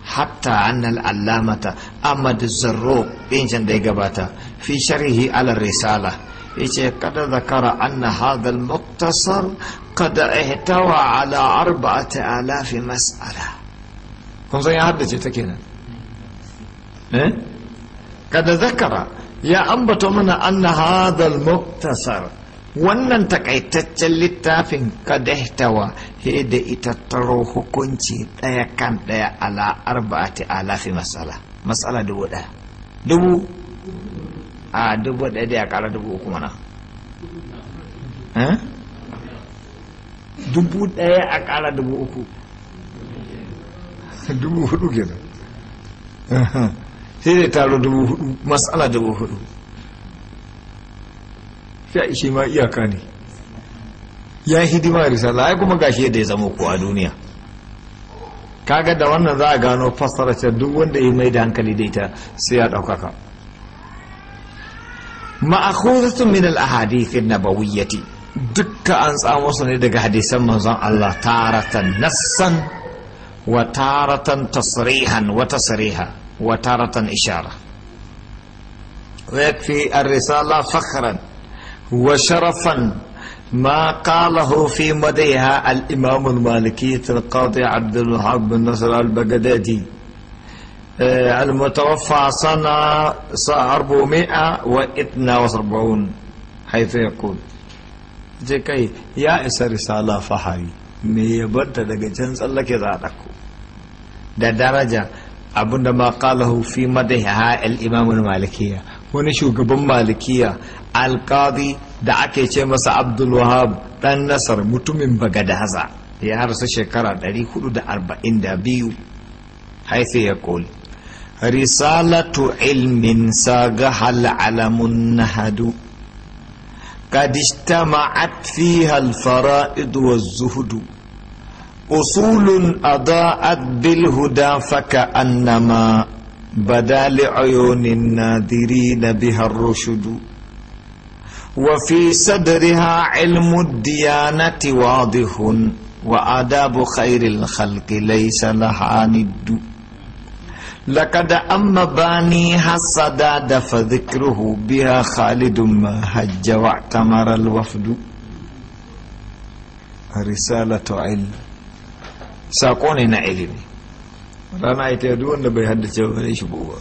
hatta annal allamata ahmad zarro ɗin da ya gabata fi sharhi ala risala yace kada zakara anna hadha al-muqtasar قد احتوى على أربعة آلاف مسألة كم زي هذا جيت كده إيه؟ قد ذكر ya ambata mana anna hadal muktasar wannan takaitaccen littafin kadahtawa he da ita taro hukunci daya kan daya ala arba'ati alafi masala masala dubu ɗaya dubu a dubu ɗaya da ya kara dubu uku mana eh? dubu daya a kara dubu uku dubu hudu kenan sai da taro dubu hudu matsala dubu hudu ya shi ma iyaka ne ya hidima risala ai kuma gashi yadda ya zama ko duniya kaga da wannan za a gano fassararsa duk wanda ya mai da hankali da ita sai ya ɗaukaka ma'akhuzatun min al na nabawiyyati dukka an tsamo su ne daga hadisan manzon Allah taratan nassan wa taratan tasrihan wa tasriha وتارة إشارة ويكفي الرسالة فخرا وشرفا ما قاله في مديها الإمام المالكي القاضي عبد الوهاب بن نصر البغدادي آه، المتوفى سنة 442 حيث يقول je يا إس رسالة risala مي me ya barta daga can tsallake درجة abinda ma qalahu fi madai al-imam malikiya wani shugaban malikiya alƙali da ake ce masa abdul wahab dan nasar mutumin bagadaza ya harsa shekara 442 haife ya koli risalatu ilmin saga hal alamun nahadu قد اجتمعت فيها wa zuhudu. أصول أضاءت بالهدى فكأنما بدا لعيون الناذرين بها الرشد وفي صدرها علم الديانة واضح وآداب خير الخلق ليس لها ند لقد أما بانيها الصداد فذكره بها خالد ما هج واعتمر الوفد رسالة علم sako ne na ilimi rana ita duk wanda bai haddace ba ne shi buwa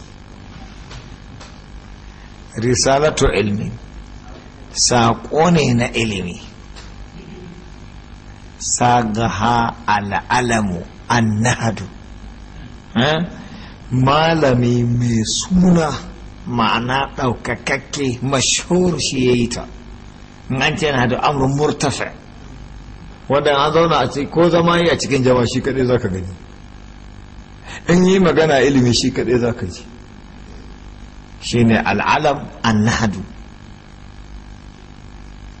risalatu ilimi. sako ne na ilimi sagaha al'alamu annahadu eh? malami mai suna ma'ana ɗaukakakke mashhur shi ya yi ta an na da amurin murtafa wanda an zauna a ko zama yi a cikin jama shi kadai za ka gani in yi magana ilimi shi kadai za ka ji shi ne al'alam annahadu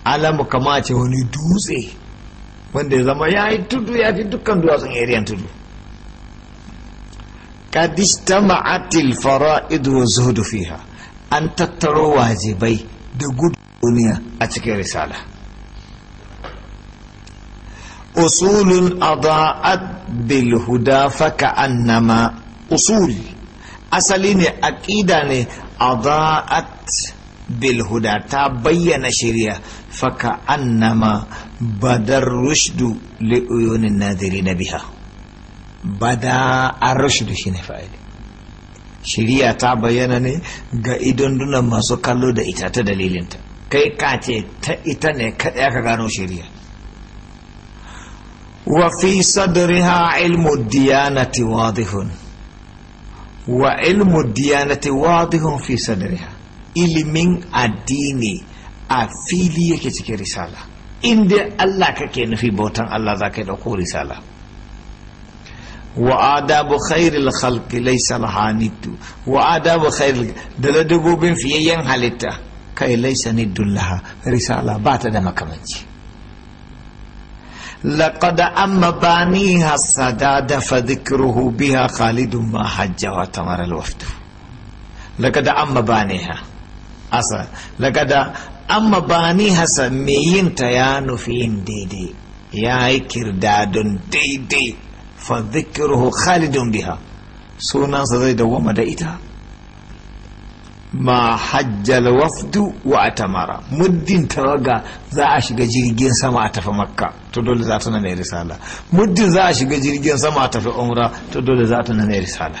alamu kama ce wani dutse wanda ya zama ya yi tudu ya fi dukkan duwatsun eriyan tudu ma'atil fara'idu wa zuhudu fiha an tattaro wajibai da gudu duniya a cikin risala usulun adha'at bil huda faka annama usul asali ne aqida ne adha'at ta bayyana shari'a faka annama badar rushdu li uyunin nadirina biha bada ar-rushdu shine fa'ili shari'a ta bayyana ne ga idon dunan masu kallo da ita ta dalilinta kai ka ce ta ita ne kaɗai aka gano shari'a وفي صدرها علم الديانة واضح وعلم الديانة واضح في صدرها ilimin addini a fili yake cikin risala inda Allah kake nufi bautan Allah za ka yi ɗauko risala wa adabu khairil khalqi laysa lahanitu wa adabu khairil da ladabobin fiyayyen halitta kai laysa niddun risala ba ta da makamanci لقد أم بانيها السداد فذكره بها خالد ما حج وتمر الوفد لقد أم بانيها أصلا لقد أم بانيها سميين تيان فين ديدي يا كرداد ديدي فذكره خالد بها سونا سزيد ومدئتها ma hajjal wafdu wa atamara muddin tawaga za a shiga jirgin sama a tafi makka to dole za ta nanayi risala muddin za a shiga jirgin sama a tafi umra to dole za ta nanayi risala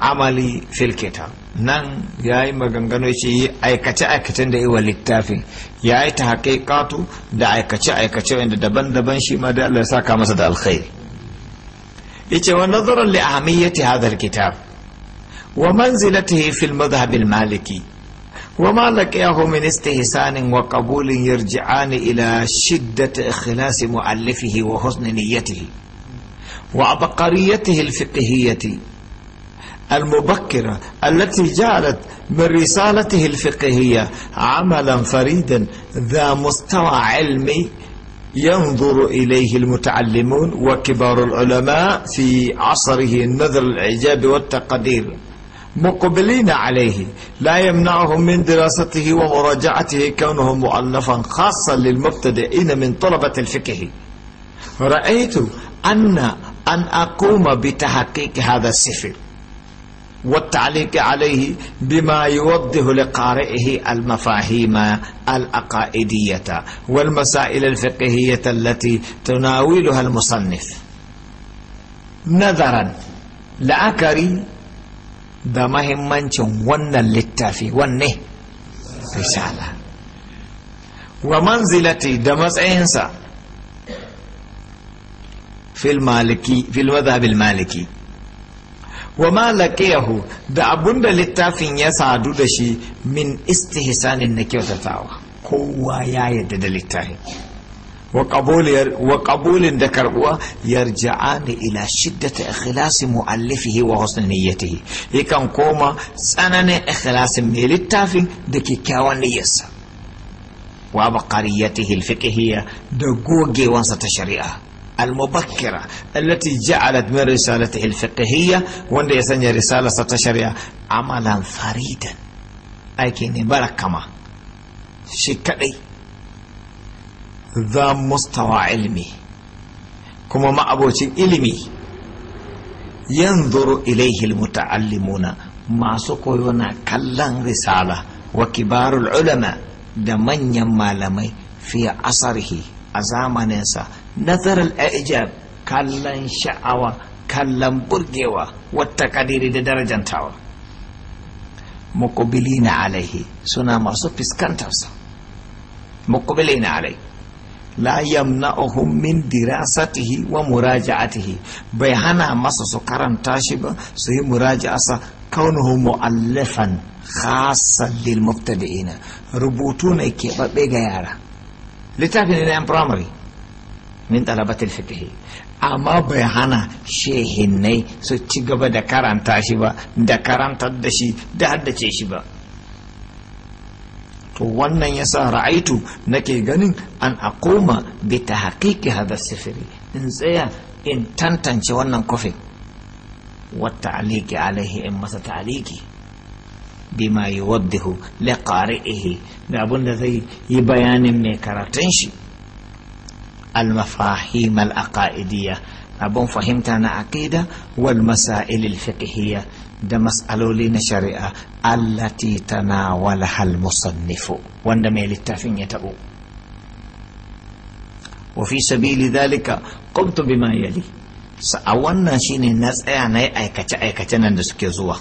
amali filketa nan ya yi maganganu ya ce yi aikace-aikacen da iwa littafin ya yi ta haƙiƙatu da aikace-aikace wanda daban-daban shi ma da Allah ya saka masa da alkhairi ya ce wa nazarar li ahamiyyati hazar kitab ومنزلته في المذهب المالكي وما لقيه من استهسان وقبول يرجعان إلى شدة إخلاص مؤلفه وحسن نيته وعبقريته الفقهية المبكرة التي جعلت من رسالته الفقهية عملا فريدا ذا مستوى علمي ينظر إليه المتعلمون وكبار العلماء في عصره نذر الإعجاب والتقدير مقبلين عليه لا يمنعهم من دراسته ومراجعته كونه مؤلفا خاصا للمبتدئين من طلبة الفقه رأيت أن أن أقوم بتحقيق هذا السفر والتعليق عليه بما يوضح لقارئه المفاهيم العقائدية والمسائل الفقهية التي تناولها المصنف نظرا لعكري da mahimmancin wannan littafi wanne risala wa manzilati da matsayinsa fil maliki maliki wa ma laqiyahu da abunda littafin ya sadu da shi min istihsanin na kyautatawa kowa ya yadda da littafin وقبول ير وقبول ذكر هو يرجعان إلى شدة إخلاص مؤلفه وحسن نيته يكن كوما سنن إخلاص ميلتافي دكي كاوان نيسا وعبقريته الفقهية دقوقي وانسة الشريعة المبكرة التي جعلت من رسالته الفقهية وان يسني رسالة ستشريعه عملا فريدا أي كيني بركما شكلي za mustawa ilmi kuma ma'abocin ilimi zuru ilaihi muta'allimuna masu koyo na kallon risala wa kibarul ulama da manyan malamai fi asarhi a zamaninsa nazarar ijab kallon sha'awa kallon burgewa wata kadiri da darajantawa mukubili na alaihi suna masu fuskantarsa mukubili na alaihi la yamna'uhum min dirasatihi wa muraja'atihi bai hana masa su karanta shi ba su yi muraja'asa kaunuhu mu'allafan khassan lil mubtadi'ina rubutu ne keɓaɓɓe ga yara littafi ne na yan primary min talabatil fiqh amma bai hana shehinnai su ci gaba da karanta shi ba da karantar da shi da haddace shi ba to wannan yasa ra'aitu nake ganin an akoma bi tahqiqi hadha sifiri in tsaya in tantance wannan kofi wata aliki alaihi in masa ta'aliki bima yuwaddihu li qari'ihi da abun da zai yi bayanin mai karatun shi al mafahimal al aqaidiyya abun fahimta na aqida wal masail al fiqhiyya da mas'aloli na shari'a allati wala hal musannifu wanda mai littafin ya tabo wa fi sabili dalika qumtu bima yali sa a wannan shine na tsaya na yi aikace aikace nan da suke zuwa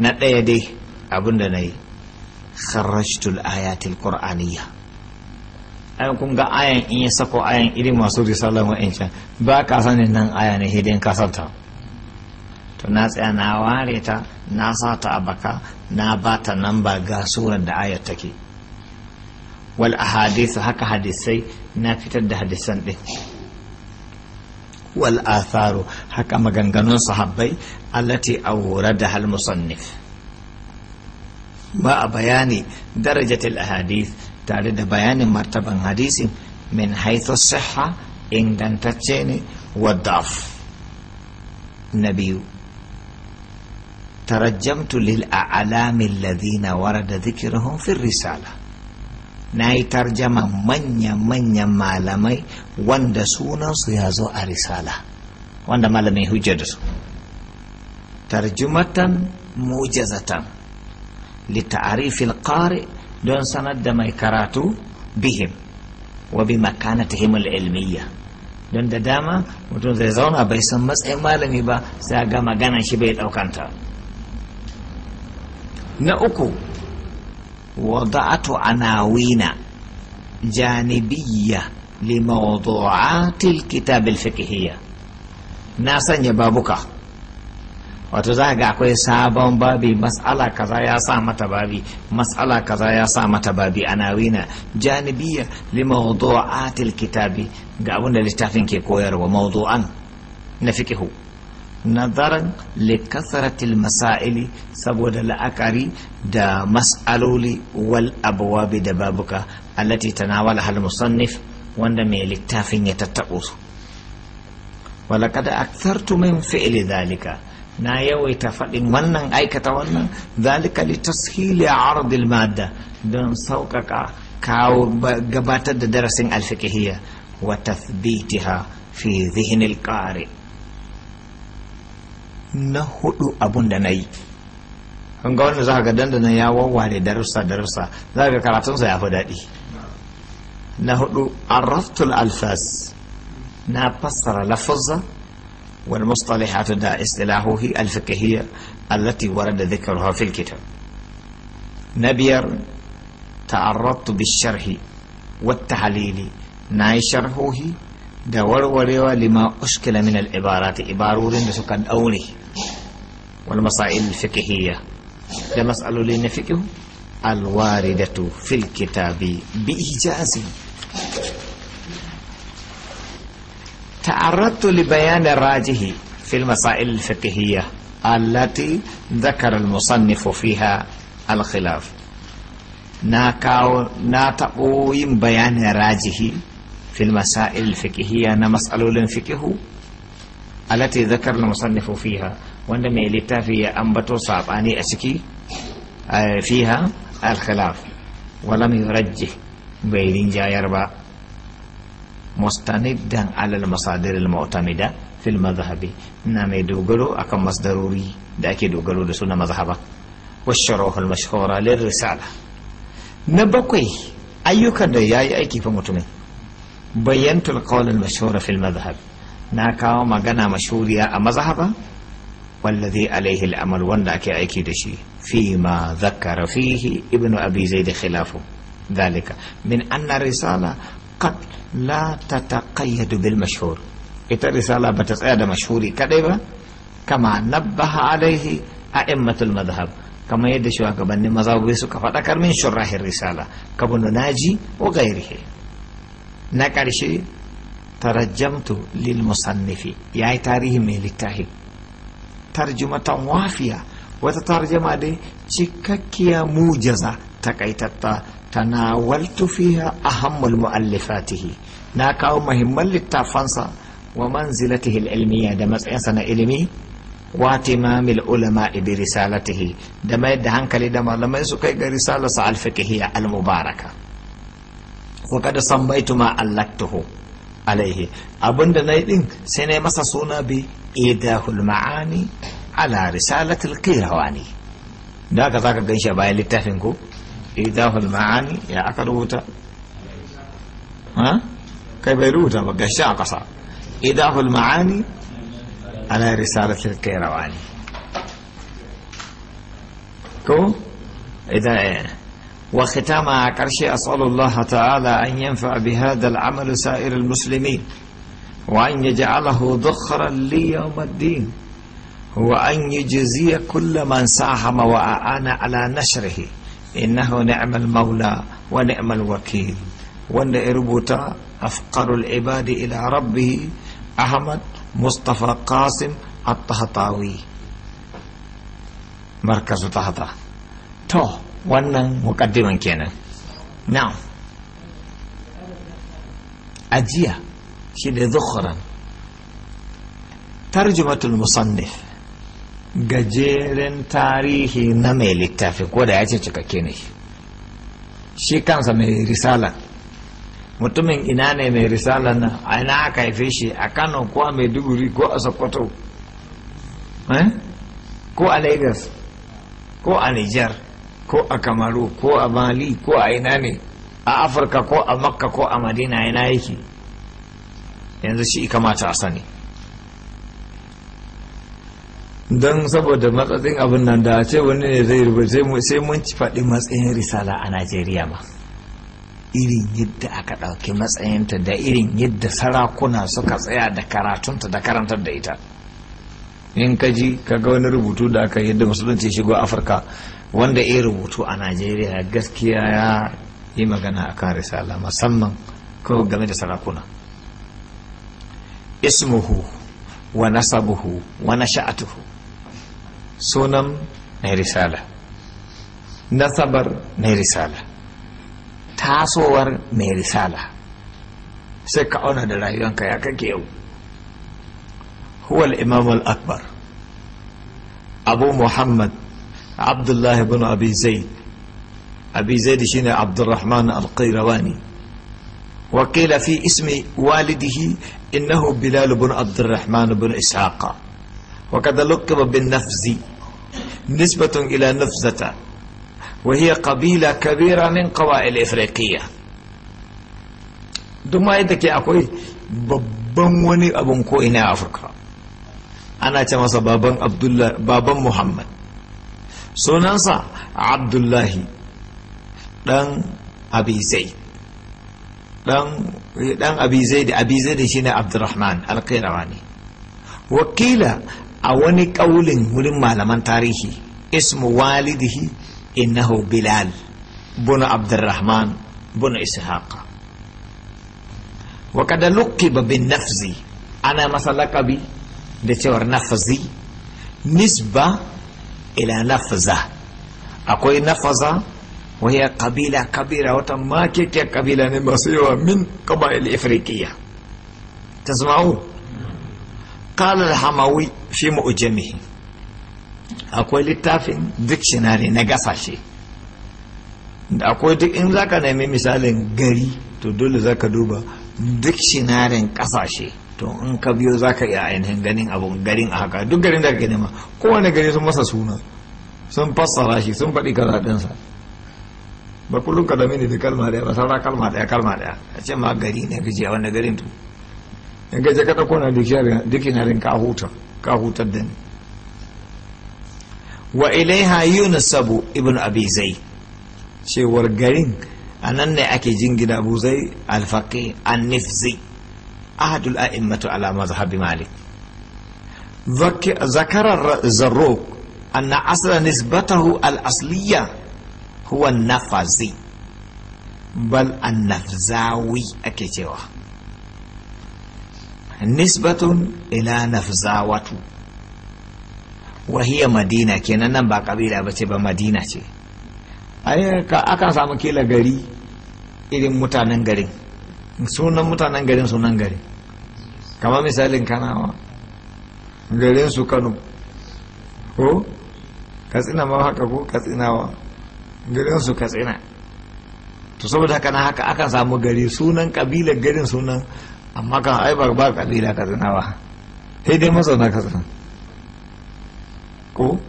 na ɗaya dai abin da na yi kharrajtul ayatil qur'aniyya ai kun ga ayan in ya sako ayan irin masu risala wa'ancan ba ka sanin nan aya ne hidin kasanta to na tsaya na ware ta na sa ta a baka na ba ta nan ba ga surar da ayar take wal ahadithu haka hadisai na fitar da hadisan din wal atharu haka maganganun sahabbai allati da hal musannif ba a bayani darajatul ahadith tare da bayanin martaban hadisin min haithu sihha ingantacce ne wa na biyu tarajjamtu lil a'lamin ladina warada dhikruhum fi risala na yi tarjama manya-manyan malamai wanda sunansu ya zo a risala wanda malamai hujja da su tarjumatan mujazatan littarifin ƙari don sanar da mai karatu bihim wa bi makanatihim ilmiya don da dama mutum zai zauna bai san matsayin malami ba sai ga magana shi bai ɗaukanta na uku wada'atu anawina janibiyya li kitab al na sanya babuka wato za ga akwai sabon babi mas'ala kaza ya sa mata babi mas'ala kaza ya sa mata babi anawina janibiyya li kitabi ga abinda littafin ke koyarwa mawdu'an na fiqhu nazaran likasaratil masaili saboda la'akari da mas'aloli wal abuwabi da babuka allati tanawala hal musannif wanda mai littafin ya tattaɓo su walakada akthartu min fi'li dalika na yawaita faɗin wannan aikata wannan zalika li tashili ardil madda don sauƙaƙa kawo gabatar da darasin alfikihiyya wa tathbitiha fi zihnil qari' na hudu abun da na yi kun ga wanda za ga dandana ya wawware darussa darussa za ga karatunsa ya fi daɗi na hudu arraftul alfas na fassara lafazza wal mustalihat da istilahohi alfikahiyya allati warada dhikruha fil kitab na biyar ta'arrattu bisharhi wat tahlili na yi sharhohi da warwarewa lima ushkila min al ibarati ibarorin da suka daure والمسائل الفقهية لمسألة نفقه الواردة في الكتاب بإيجاز تعرضت لبيان الراجه في المسائل الفقهية التي ذكر المصنف فيها الخلاف ناكاو ناتقوين بيان راجه في المسائل الفقهية مسألة لنفقه التي ذكر المصنف فيها wanda mai littafi ya ambato saɓani a ciki fiha al-khilaf walam yurajjih bai rinjayar ba mustaniddan alal masadir al-mu'tamida fil madhhabi ina mai dogaro akan masdarori da ake dogaro da su na mazhaba washaruhu al-mashhura lil risala na bakwai ayyukan da yayi aiki fa mutumin bayyantul qawl al-mashhura fil madhhab na kawo magana mashuriya a mazhaba والذي عليه الأمل وانداك أكيد شيء فيما ذكر فيه ابن أبي زيد خلافه ذلك من أن الرسالة قد لا تتقيد بالمشهور إذا رسالة بتقيد مشهوري كذبا كما نبه عليه أئمة المذهب كما يدشوا كبني مذاوبيسو كفتكر من شراح الرسالة كبن ناجي وغيره نكارشي ترجمت للمصنف يا تاريخ ملتاهي tarjimatan wafiya wata tarjama dai cikakkiya mujaza takaitatta tanawaltu a hammul mu'allifatihi na kawo muhimman littafansa wa manzilatihi al-ilmiya da matsayinsa na ilimi wa timamil ulama bi risalatihi da mai da hankali da malamai su kai ga risalarsa al almubaraka ko kada wa kad sambaitu ma allaktuhu alaihi abinda nayi din sai nayi masa suna bi إيداه المعاني على رسالة القيرواني داك ذاك كان شباي اللي تفهمكو إيداه المعاني يا أكروتا ها كيف يروتا بقشا قصا إيداه المعاني على رسالة القيرواني كو إذا وختام عكرشي أسأل الله تعالى أن ينفع بهذا العمل سائر المسلمين وأن يجعله ذخرا لي يوم الدين وأن يجزي كل من ساهم وأعان على نشره إنه نعم المولى ونعم الوكيل وأن إربط أفقر العباد إلى ربه أحمد مصطفى قاسم الطهطاوي مركز طهطا تو وأن مقدما كان نعم أجيه Shi ne zukhran tarjumatul musannif gajeren tarihi na mai littafi ko da ya ce cikakke ne shi kansa mai risala mutumin ina ne mai risala na a aka haife shi a kano ko a maiduguri ko a sokoto ko a lagos ko a niger ko a kamaru ko a mali ko a ina ne a afirka ko a makka ko a madina ina yake yanzu shi kamata a sani don saboda matsatsin abin nan da ce wani ne zai rubuta sai mun ci faɗi matsayin risala a najeriya ma irin yadda aka ɗauki matsayinta da irin yadda sarakuna suka tsaya da karatunta da karantar da ita in ka ji ka ga wani rubutu da aka yadda musulunci shigo afirka wanda ya rubutu a najeriya gaskiya ya yi magana akan risala musamman ko game da sarakuna ismuhu wa nasabuhu wa nasha'atuhu sunan mai risala nasabar mai risala tasowar mai risala sai ka auna da rayuwanka ya kake yau huwal imam al-akbar abu muhammad abdullahi bin abi zaid abi zaid shine abdurrahman al-qayrawani وقيل في اسم والده إنه بلال بن عبد الرحمن بن إسحاق وقد لقب بالنفز نسبة إلى نفزة وهي قبيلة كبيرة من قبائل إفريقية ثم يدك أقول babban wani abin ko ina a afirka ana ce masa baban baban muhammad sunansa abdullahi dan abizai dan abi zaid abi zaid abdurrahman abdurrahman ne wakila a wani ƙaulin wurin malaman tarihi ismu walidihi innahu bilal bin abdurrahman bin ishaq wa kada lukkiba bin nafzi ana masa laqabi da cewar nafzi nisba ila nafza akwai nafaza وهي قبيلة كبيرة وتماكك قبيلة مصيرة من قبائل الإفريقية تسمعون قال الحموي في مؤجمه akwai littafin dictionary na gasashe akwai duk in zaka nemi misalin gari to dole ka duba dictionary kasashe to in ka biyo zaka iya ainihin ganin abun garin a haka duk garin da ka nema kowane gari sun masa suna sun fassara shi sun faɗi kaza ba kullum ka dame ne da kalma daya ba saura kalma daya kalma daya a ce ma gari ne gaji a wani garin tu in gaji ka ɗauko na dikinarin ka hutar ka hutar da ni wa ilaiha yunusabu ibn Abizai. cewar garin a nan ne ake jingina abu zai alfaƙi annifzi ahadul a'immatu ala mazhabi malik Zarro الزروق أن أصل al الأصلية huwa nafazi bal an nafzawi ake cewa nisbatun ila nafzawatu wahiya madina kenan nan ba kabila ba ce ba madina ce aka samu kila gari irin mutanen garin sunan mutanen garin sunan garin kamar misalin kanawa garin su kano ko katsina ma haka ko katsinawa garin su katsina to saboda haka na haka akan samu gari sunan kabilar garin sunan amma kan ai ba ba kabila katsina ba sai dai mazauna katsina ko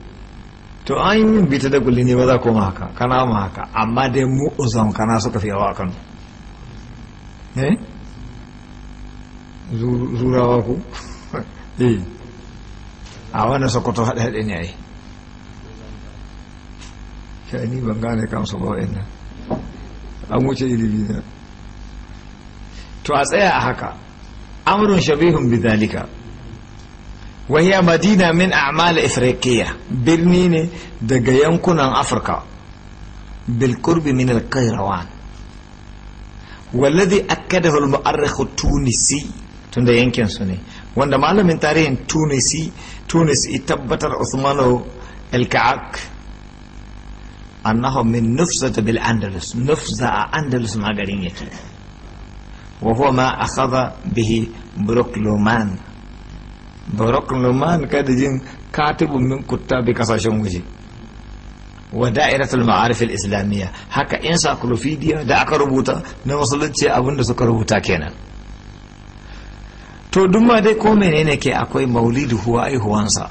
to an bita da kulli ne ba za koma haka kana ma haka amma dai mu uzan kana suka fi yawa kan eh zurawa ku eh a wannan sokoto haɗe-haɗe ne ai sai ni ban gane kansu ba wa'annan an wuce ilimi na to a tsaya a haka amrun shabihun bizalika wahiya madina min a'mal ifriqiya birni ne daga yankunan afirka bilkurbi qurbi min al qayrawan walladhi akkadahu al tunisi tunda yankin su ne wanda malamin tarihin tunisi tunis tabbatar usmanu al annahu min nufzata bil andalus nufza a andalus magarin yake wa huwa ma akhadha bihi brokloman brokloman kada jin katibun min kuttabi kasashen waje wa da'iratul ma'arif al-islamiyya haka encyclopedia da aka rubuta na musulunci abinda suka rubuta kenan to duk ma dai ko menene ke akwai maulidu huwa aihuwansa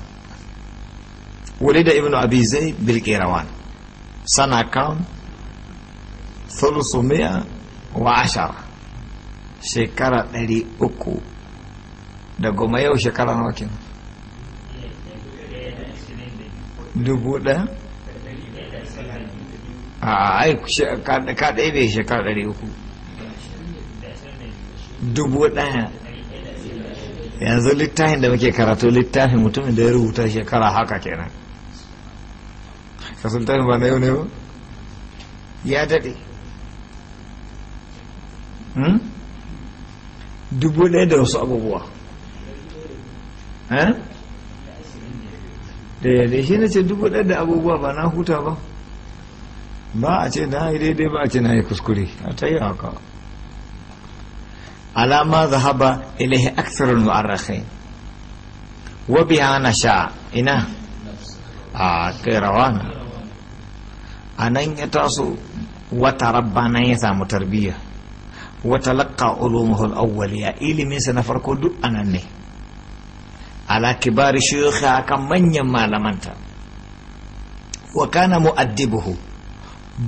ولد ابن أبي زيد بالقيروان sana kan thulusumiya wa ashara shekara ɗari uku da goma yau shekara nawa dubu كاد إيه ka ɗaya bai yanzu littafin da muke karatu littafin mutumin da ya rubuta shekara haka kenan kasultan ba na yau ne ba ya daɗe hmm? dubu ɗaya da wasu abubuwa eh? da yadda shi na ce dubu ɗaya da abubuwa ba na huta ba ba a ce na yi daidai ba a ce na yi kuskure a ta yi haka alama zahaba ilahi yi mu'arrakhai wa biya na sha ina a kai rawana anan ya taso wata rabba nan ya samu tarbiyya wata laƙa ulumuhul awwaliya iliminsa na farko duk anan ne ala kibari shekha kan manyan malamanta wa kana mu'addibuhu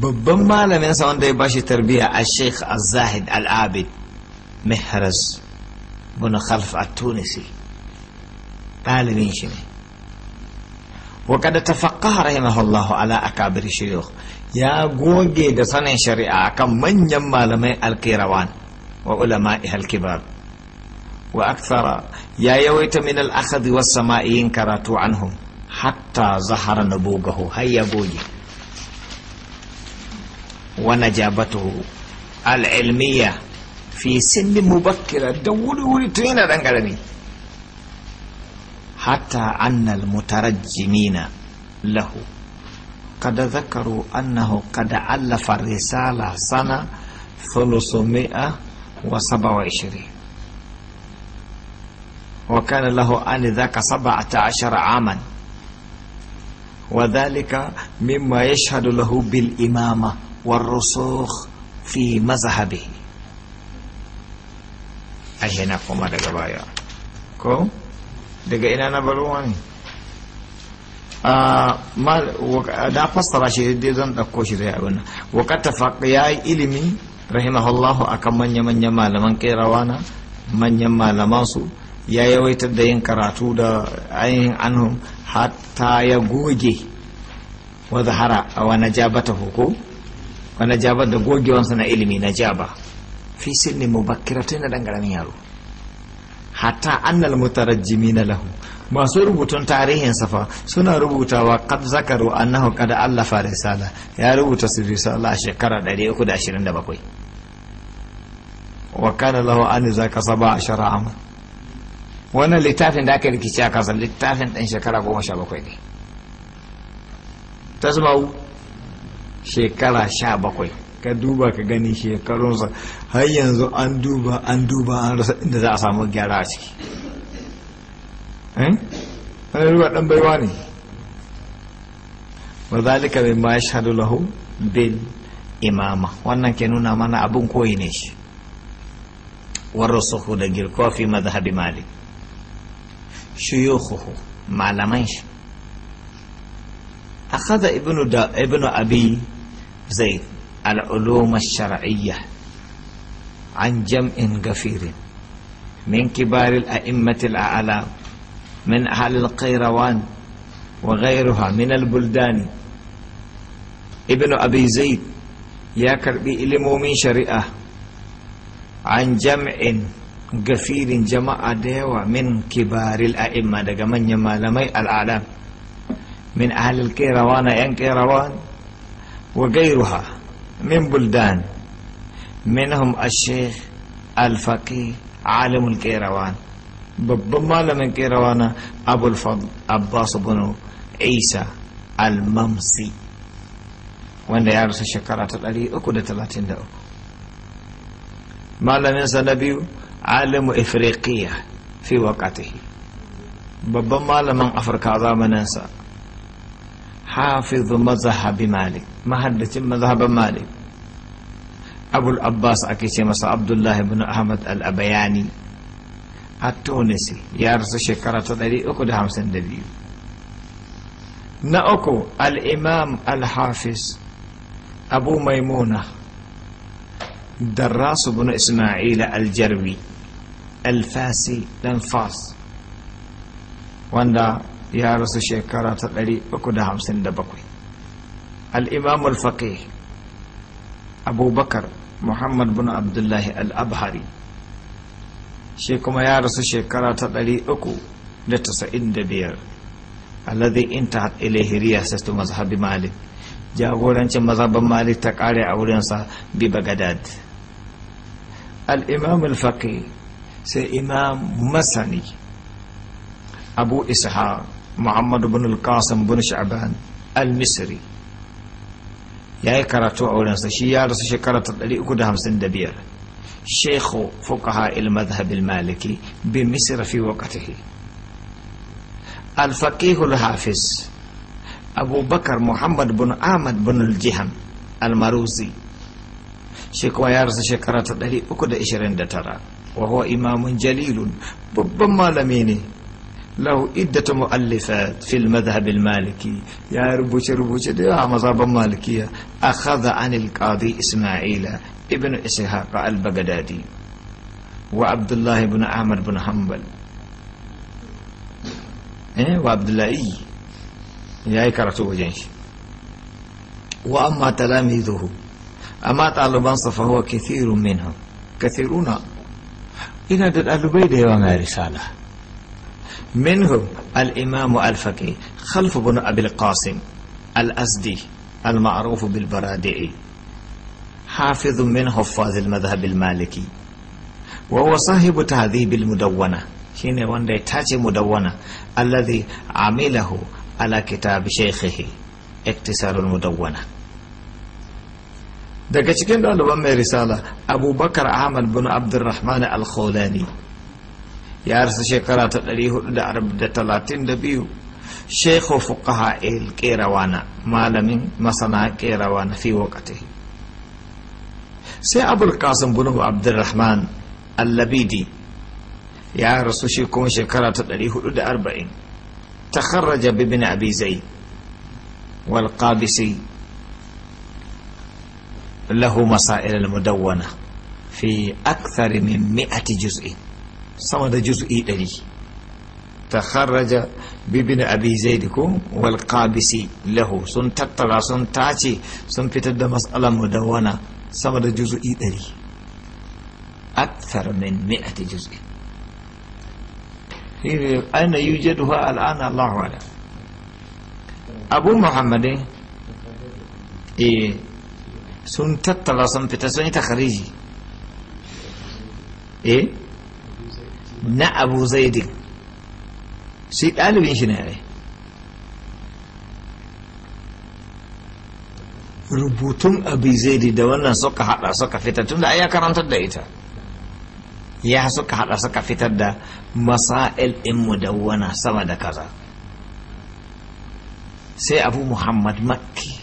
babban malaminsa wanda ya bashi tarbiyya a sheikh az-zahid al-abid mihraz bin khalf at-tunisi ɗalibin shi ne وقد تفقه رحمه الله على أكابر الشيوخ يا غوغي دا سنة شريعة كم من يما لمي الكيروان وعلمائها الكبار وأكثر يا يويت من الأخذ والسمائيين كراتوا عنهم حتى ظهر نبوغه هيا بوجي ونجابته العلمية في سن مبكرة دولي ولي ترينا دنقلني حتى أن المترجمين له قد ذكروا أنه قد ألف الرسالة سنة 327 وكان له آنذاك 17 عاما وذلك مما يشهد له بالإمامة والرسوخ في مذهبه أي هنا قوم هذا كو daga ina na baro wani ah, na fassara shi dai zan ɗauko shi zai abin wakata katafa ya yi ilimi rahimahullahu akan manya-manyan malaman kairawana manyan malamansu ya yawaitar da yin karatu da ainihin anhum hatta ya goge wa zahara wa najabata hukum wa najabata gogewansa na ilimi jaba fi sinni mubakkiratin na ƙaramin yaro hatta annal mutarajjimina lahu masu rubutun tarihin safa suna rubutawa kad zakaru annahu kad allafa risala ya rubuta su risala a shekara 327 wa kana lahu an zaka saba ashara amma wannan littafin da aka rikici a kasa littafin ɗan shekara 17 ne tasbau shekara 17 ka duba ka gani shekarunsa har yanzu an duba an duba an rasa inda za a samu gyara a ciki ɗan eh? ruwa ɗan baiwa ne ba lika mai ma yashhadu lahu bin imama wannan ke nuna mana abin koyi ne shi suhu da girkuwa mazhabi malik shuyukuhu malaman shi akhadha ibnu da abi العلوم الشرعية عن جمع غفير من كبار الأئمة الأعلام من أهل القيروان وغيرها من البلدان ابن أبي زيد يا كربي إلمو من شريعة عن جمع غفير جمع ديوة من كبار الأئمة دقا من يمالمي الأعلام من أهل الكيروان ين كيروان وغيرها من بلدان منهم الشيخ الفقيه عالم الكيروان ببما من كيروان ابو الفضل عباس بن عيسى الممسي وانا يارس الشكرات الالي اكد تلاتين دعو ما لم ينسى نبي عالم افريقيا في وقته ببما لمن افريقا ذا من ينسى حافظ مذهب مالك مهدث مذهب مالك أبو العباس أكيشي مسا عبد الله بن أحمد الأبياني التونسي يارس شكرة تدري أكد همسن دبيو نأكو الإمام الحافظ أبو ميمونة دراس بن إسماعيل الجربي الفاسي لنفاس وندا ya rasu shekara ta 357 al faƙe abubakar muhammad bin abdullahi al'abhari shi kuma ya rasu shekara ta 395 alladhi intahat ilaihi riyasatu mazhabi malik jagorancin mazhaban malik ta kare a wurinsa bi bagadad al-imam al-faqih sai imam masani abu ishaq محمد بن القاسم بن شعبان المصري يا كرتو أولاً سشي يا رسول شكرت لي أكو دهم سندبير شيخ فقهاء المذهب المالكي بمصر في وقته الفقيه الحافظ أبو بكر محمد بن أحمد بن الجهم المروزي شيخ ويا رسول شكرت لي أكو ده إشرين دترا وهو إمام جليل ببما لميني له عدة مؤلفات في المذهب المالكي يا شرب ربوشة يا مذهب مالكية أخذ عن القاضي إسماعيل ابن إسحاق البغدادي وعبد الله بن أحمد بن حنبل إيه وعبد الله إي يا كرتو وجنش وأما تلاميذه أما طالبان فهو كثير منهم كثيرون إن هذا الألبيد رسالة منهم الإمام الفقي خلف بن أبي القاسم الأزدي المعروف بالبرادعي حافظ من حفاظ المذهب المالكي وهو صاحب تهذيب المدونة حين وندي تاتي مدونة الذي عمله على كتاب شيخه اكتسار المدونة daga cikin ɗaliban mai risala abubakar ahmad بن abdulrahman al-khulani ya rasu shekara ta 432 shekhu fuqaha il qirawana malamin masana qirawana fi waqtihi sai abul qasim bin abdurrahman al-labidi ya rasu shi kuma shekara ta 440 takharraja bi bin abi zaid wal qabisi له مسائل المدونة في أكثر من مئة جزء sama da juz'i ɗari takharraja bibin abi zaid ko wal qabisi lahu sun tattara sun tace sun fitar da mas'alan mudawwana sama da juz'i ɗari akthar min mi'ati juz'i aina yujaduha al'ana Allahu ala abu muhammadin eh sun tattara sun fita sun yi takhariji eh na abu zaidin shi ɗalibin shi ne rubutun abu zaidi da wannan suka hada suka fitar tun da ya karantar da ita ya suka hada suka fitar da masa'il in mudawwana sama da kaza sai abu muhammad makki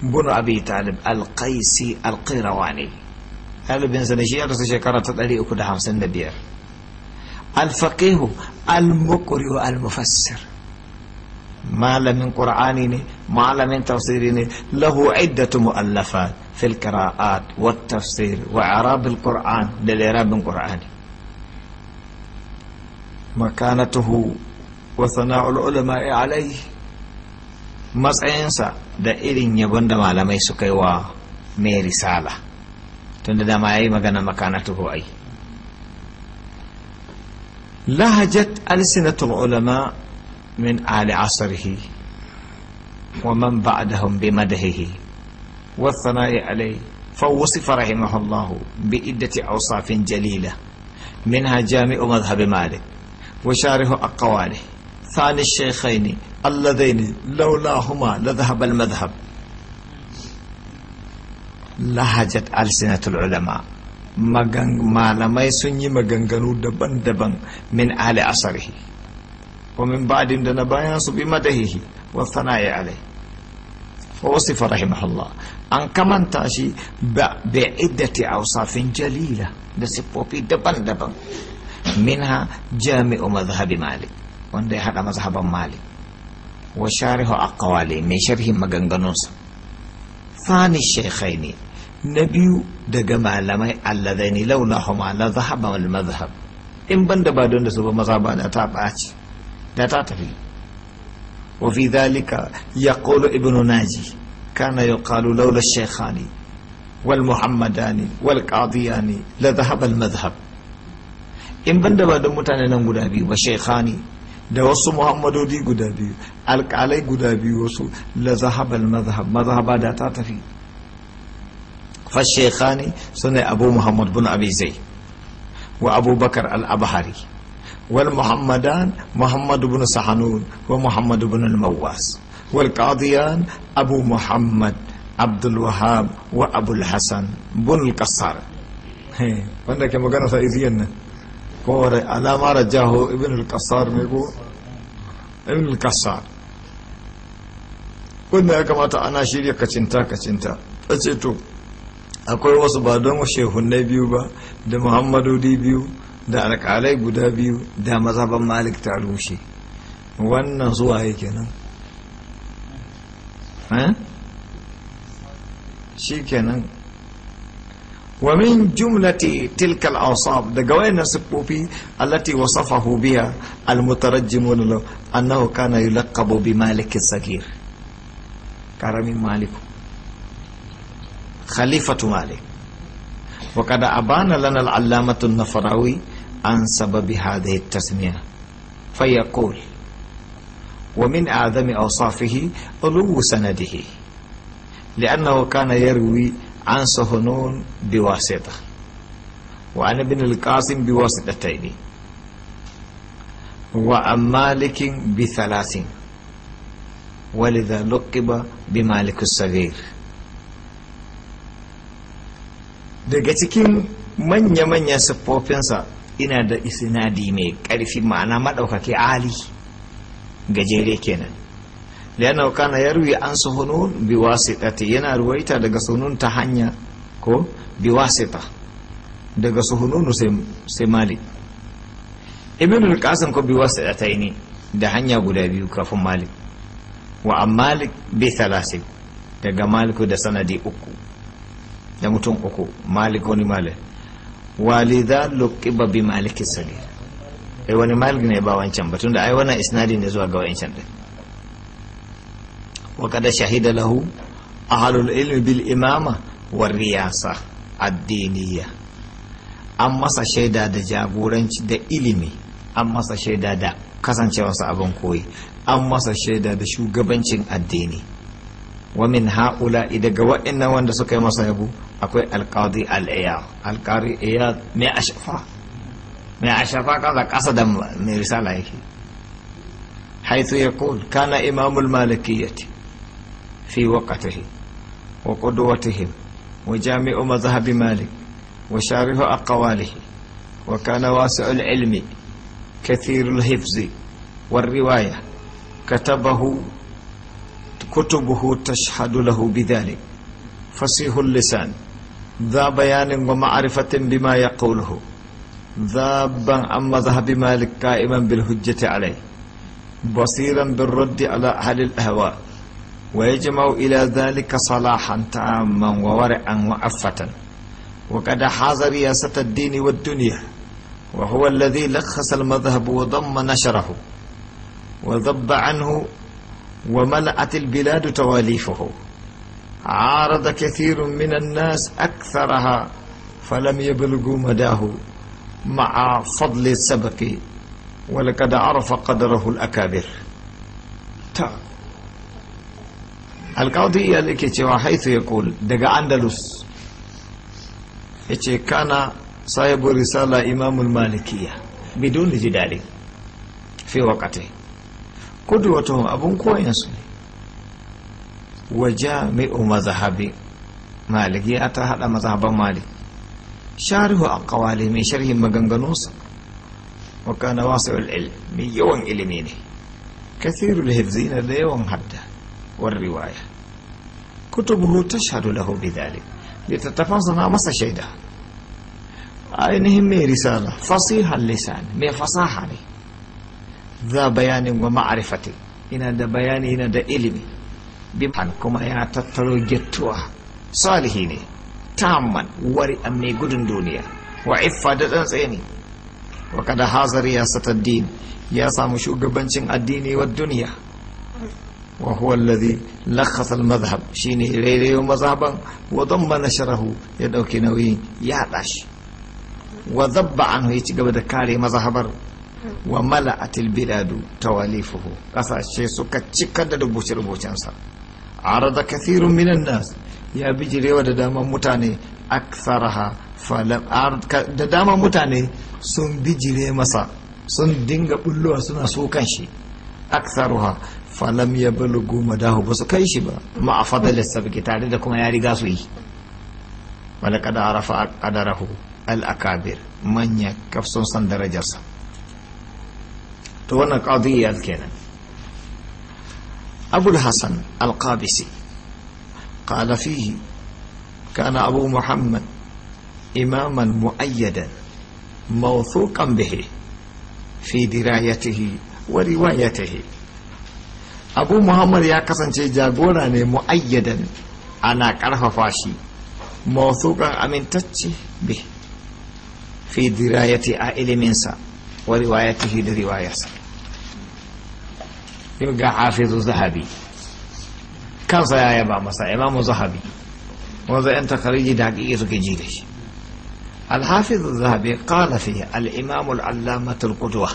bunu abi talib alqaisi alqirawani ɗalibinsa da shi ya rasu shekara ta 355 الفقيه المقرئ المفسر ما لم من قرآن ما لم من تفسير له عدة مؤلفات في القراءات والتفسير واعراب القرآن للإعراب من قرآن مكانته وثناء العلماء عليه ما سينسى da irin yabon da malamai suka yi wa mai risala tunda da لهجت ألسنة العلماء من آل عصره ومن بعدهم بمدهه والثناء عليه فوصف رحمه الله بعدة أوصاف جليلة منها جامع مذهب مالك وشارح أقواله ثاني الشيخين اللذين لولاهما لذهب المذهب لهجت ألسنة العلماء malamai sun yi maganganu daban-daban min ali asarihi wa min ba'din da na bayan su bi madahihi wa sana'i alai fa wasifa rahimahullah an kamanta shi ba bi iddati awsafin jalila da siffofi daban-daban minha jami'u mazhabi malik wanda ya hada mazhaban malik wa sharihu akawale mai sharhin maganganunsa fani ne na biyu daga malamai alladaini laulahuma la zahaba wal mazhab in ban da ba don da su ba maza ba da ta ɓaci da ta tafi wa fi dhalika yaqulu ibnu naji kana yuqalu laula shekhani wal muhammadani wal qadiyani la zahaba al mazhab in ban da ba don mutane nan guda biyu ba shekhani da wasu muhammadodi guda biyu alƙalai guda biyu wasu la zahaba al mazhab mazhaba da ta tafi fashekhani ne abu muhammad bin abi zai wa abubakar al-abhari wal muhammadan muhammad bin sahanun wa muhammad bin al-mawwas wal qadiyan abu muhammad abdul wahab wa abul hasan bin al-qassar wanda ke magana sa iziyan nan ko alama rajahu ibn al-qassar ne ko ibn al-qassar wanda ya kamata ana shirya kacinta kacinta ce to akwai wasu ba don shehunnai biyu ba da muhammadodi biyu da alkalai guda biyu da mazaban malik ta rushe wannan zuwa yake nan eh? shi kenan wa min jumlati tilkal awsaf daga wayannan siffofi allati wasafahu biha almutarajjimun lahu annahu kana yulaqabu bi malik as karamin maliku خليفة مالك وقد أبان لنا العلامة النفراوي عن سبب هذه التسمية فيقول ومن أعظم أوصافه علو سنده لأنه كان يروي عن سهنون بواسطة وعن ابن القاسم بواسطتين وعن مالك بثلاث ولذا لقب بمالك الصغير daga cikin manya-manyan siffofinsa ina da isinadi mai ƙarfi ma'ana maɗaukaki ali gajere kenan lana kana yarwi an suhunun biwasitati yana ruwaita daga sunun ta hanya ko biwasita daga suhununu sai malik ibn al-qasim ko ne da hanya guda biyu kafin malik wa an malik bi thalasin daga maliku da sanadi uku da mutum uku malik wani malik walida luqiba bi maliki sagir ai wani malik ne ba wancan batun da ai wannan isnadi ne zuwa ga wancan din wa kada shahida lahu ahlul ilmi bil imama wa riyasa addiniya an masa shaida da jagoranci da ilimi an masa shaida da kasancewa abin koyi an masa shaida da shugabancin addini wa min ha'ula daga waɗannan wanda suka yi masa yabo akwai القاضي الاياد alkari iyad mai ashafa mai ashafa kaza قصد من mai risala حيث يقول كان إمام المالكية في وقته وقدوتهم وجامع مذهب مالك وشارح أقواله وكان واسع العلم كثير الحفظ والرواية كتبه كتبه تشهد له بذلك فصيح اللسان ذا بيان ومعرفة بما يقوله ذابا عن مذهب مالك قائما بالهجة عليه بصيرا بالرد على أهل الأهواء ويجمع إلى ذلك صلاحا تاما وورعا وعفة وقد حاز رياسة الدين والدنيا وهو الذي لخص المذهب وضم نشره وذب عنه وملأت البلاد تواليفه عارض كثير من الناس اكثرها فلم يبلغوا مداه مع فضل السبق ولقد عرف قدره الاكابر القاضي يليك حيث يقول دقا اندلس كان صاحب رسالة إمام المالكية بدون جدال في وقته قدوتهم أبو كوينسون وجامع مذهب مالك يا ترى هذا مذهب مالك شارح أقواله من شرح مغنغنوس وكان واسع العلم من يوم إلمينه كثير الهفزين ليوم حدا والرواية كتبه تشهد له بذلك لتتفاصل ما شيدا أينهم مي رسالة فصيح اللسان مي فصاحة ذا بيان ومعرفة إن ذا بيان إن ذا إلمي biman kuma ya tattaro gettuwa salihi ne tamman wari mai gudun duniya wa iffa da tsantsaye ne wa kada hazar ya sataddin ya samu shugabancin addini wa duniya wa huwa alladhi lakhasa al-madhhab shine rairayo mazhaban wa damma nasharahu ya ɗauki nauyin ya dashi wa zabba anhu ya ci gaba da kare mazhabar wa mala ta wali tawalifuhu kasashe suka cika da rubuce-rubucensa rada kathirun minan nas ya bijirewa da daman mutane aksaraha da daman mutane sun bijire masa sun dinga bullowa suna so kan shi aksaruha falam ya balugu dahu ba su kai shi ba ma a fadalar sabki tare da kuma ya riga su yi wala kada arafa darahu al akabir manya kafsun san darajarsa ta wannan qadiyat kenan abul hasan al-qabisi kana abu muhammad imaman muayyadan موثوقا به في درايته وروايته abu muhammad ya kasance jagora ne mu'ayyadan ana ƙarfafa shi mawthuqan amintacce bi fi dirayati a iliminsa wa riwayatihi da riwayarsa ga hafizu zahabi kansa ya yaba masa imamu zahabi wanzu 'yan takariji da haƙiƙi suke ji da shi alhafizu zahabi ƙalafi al'imamu al'allamatul kudwa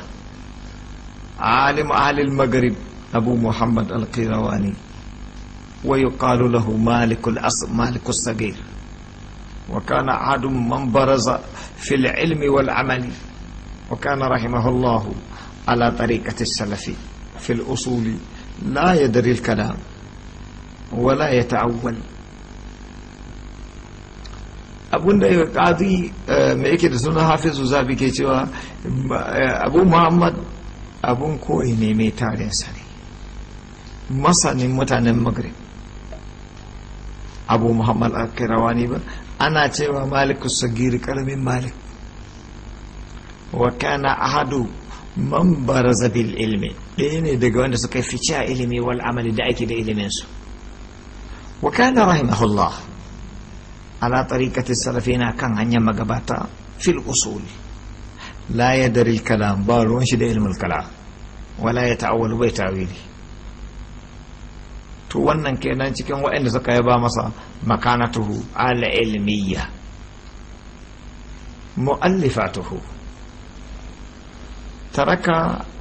alil magrib abu muhammad alkirawani wa yi ƙalu lahu malikul sagir وكان عاد من برز wal العلم wakana وكان رحمه الله على طريقة السلفي في الأصول لا يدري الكلام ولا يتعول abun da ya kadi mai yake da suna hafizu zabi ke cewa abu muhammad abun koyi ne mai tarin sani masanin mutanen maghrib abu muhammad akirawa ne ba ana cewa malikus sagiri karamin malik wa kana ahadu man baraza bil ilmi ɗaya ne daga wanda suka fice a ilimi wal amali da ake da iliminsu wa kana rahimahullah ala tariqati salafina kan hanyar magabata fil usul la yadri al kalam ba ruwan shi da ilmul kalam wala ya ta'awwalu bai tawili to wannan kenan cikin wa'anda suka ba masa makanatuhu ala ilmiyya mu'allifatuhu ترك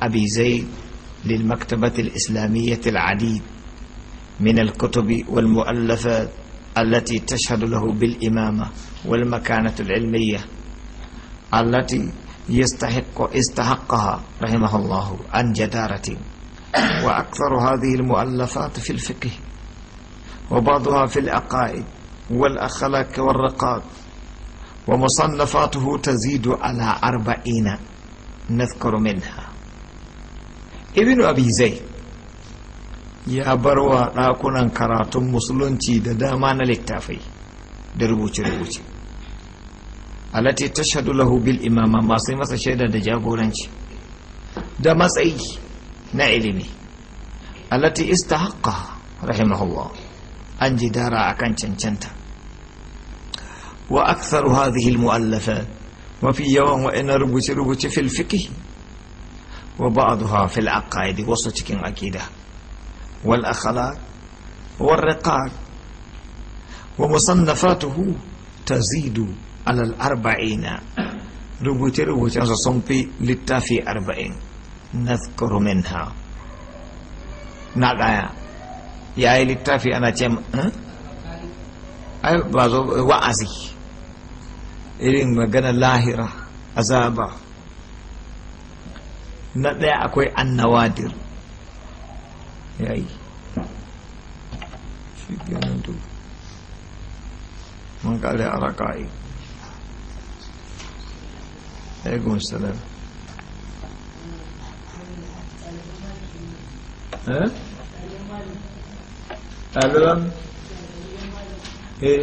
أبي زيد للمكتبة الإسلامية العديد من الكتب والمؤلفات التي تشهد له بالإمامة والمكانة العلمية التي يستحق استحقها رحمه الله عن جدارة وأكثر هذه المؤلفات في الفقه وبعضها في العقائد والأخلاق والرقاد ومصنفاته تزيد على أربعين نذكر منها ابن أبي زيد ya bar wa ɗakunan karatun musulunci da dama na littafai da rubuce-rubuce alati tashhadu lahu bil imama masu masa shaida da jagoranci da matsayi na ilimi alati istahaqqa rahimahullah an ji dara akan cancanta wa aktharu hadhihi al mu'allafat وفي يوم وإن ربوت ربوت في الفقه وبعضها في العقائد وصوتك أكيدة والأخلاق والرقاق ومصنفاته تزيد على الأربعين ربوت ربوت صنفي للتافي أربعين نذكر منها نعم يا للتافي أنا تم أه؟ أي أيوة، بعض وعزي irin magana lahira azaba na ɗaya akwai annawadir yayi shi ganin to mun kare a raka'i alaikum salam eh ɗaliban eh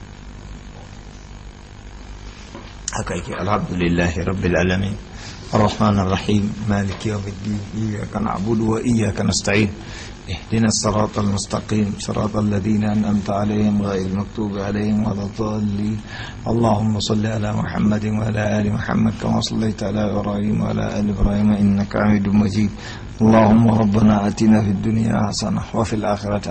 haka yake alhamdulillahi rabbil alamin الرحمن الرحيم مالك يوم الدين إياك نعبد وإياك نستعين اهدنا الصراط المستقيم صراط الذين أنعمت عليهم غير المكتوب عليهم ولا الضالين اللهم صل على محمد وعلى آل محمد كما صليت على إبراهيم وعلى آل إبراهيم إنك حميد مجيد اللهم ربنا آتنا في الدنيا حسنة وفي الآخرة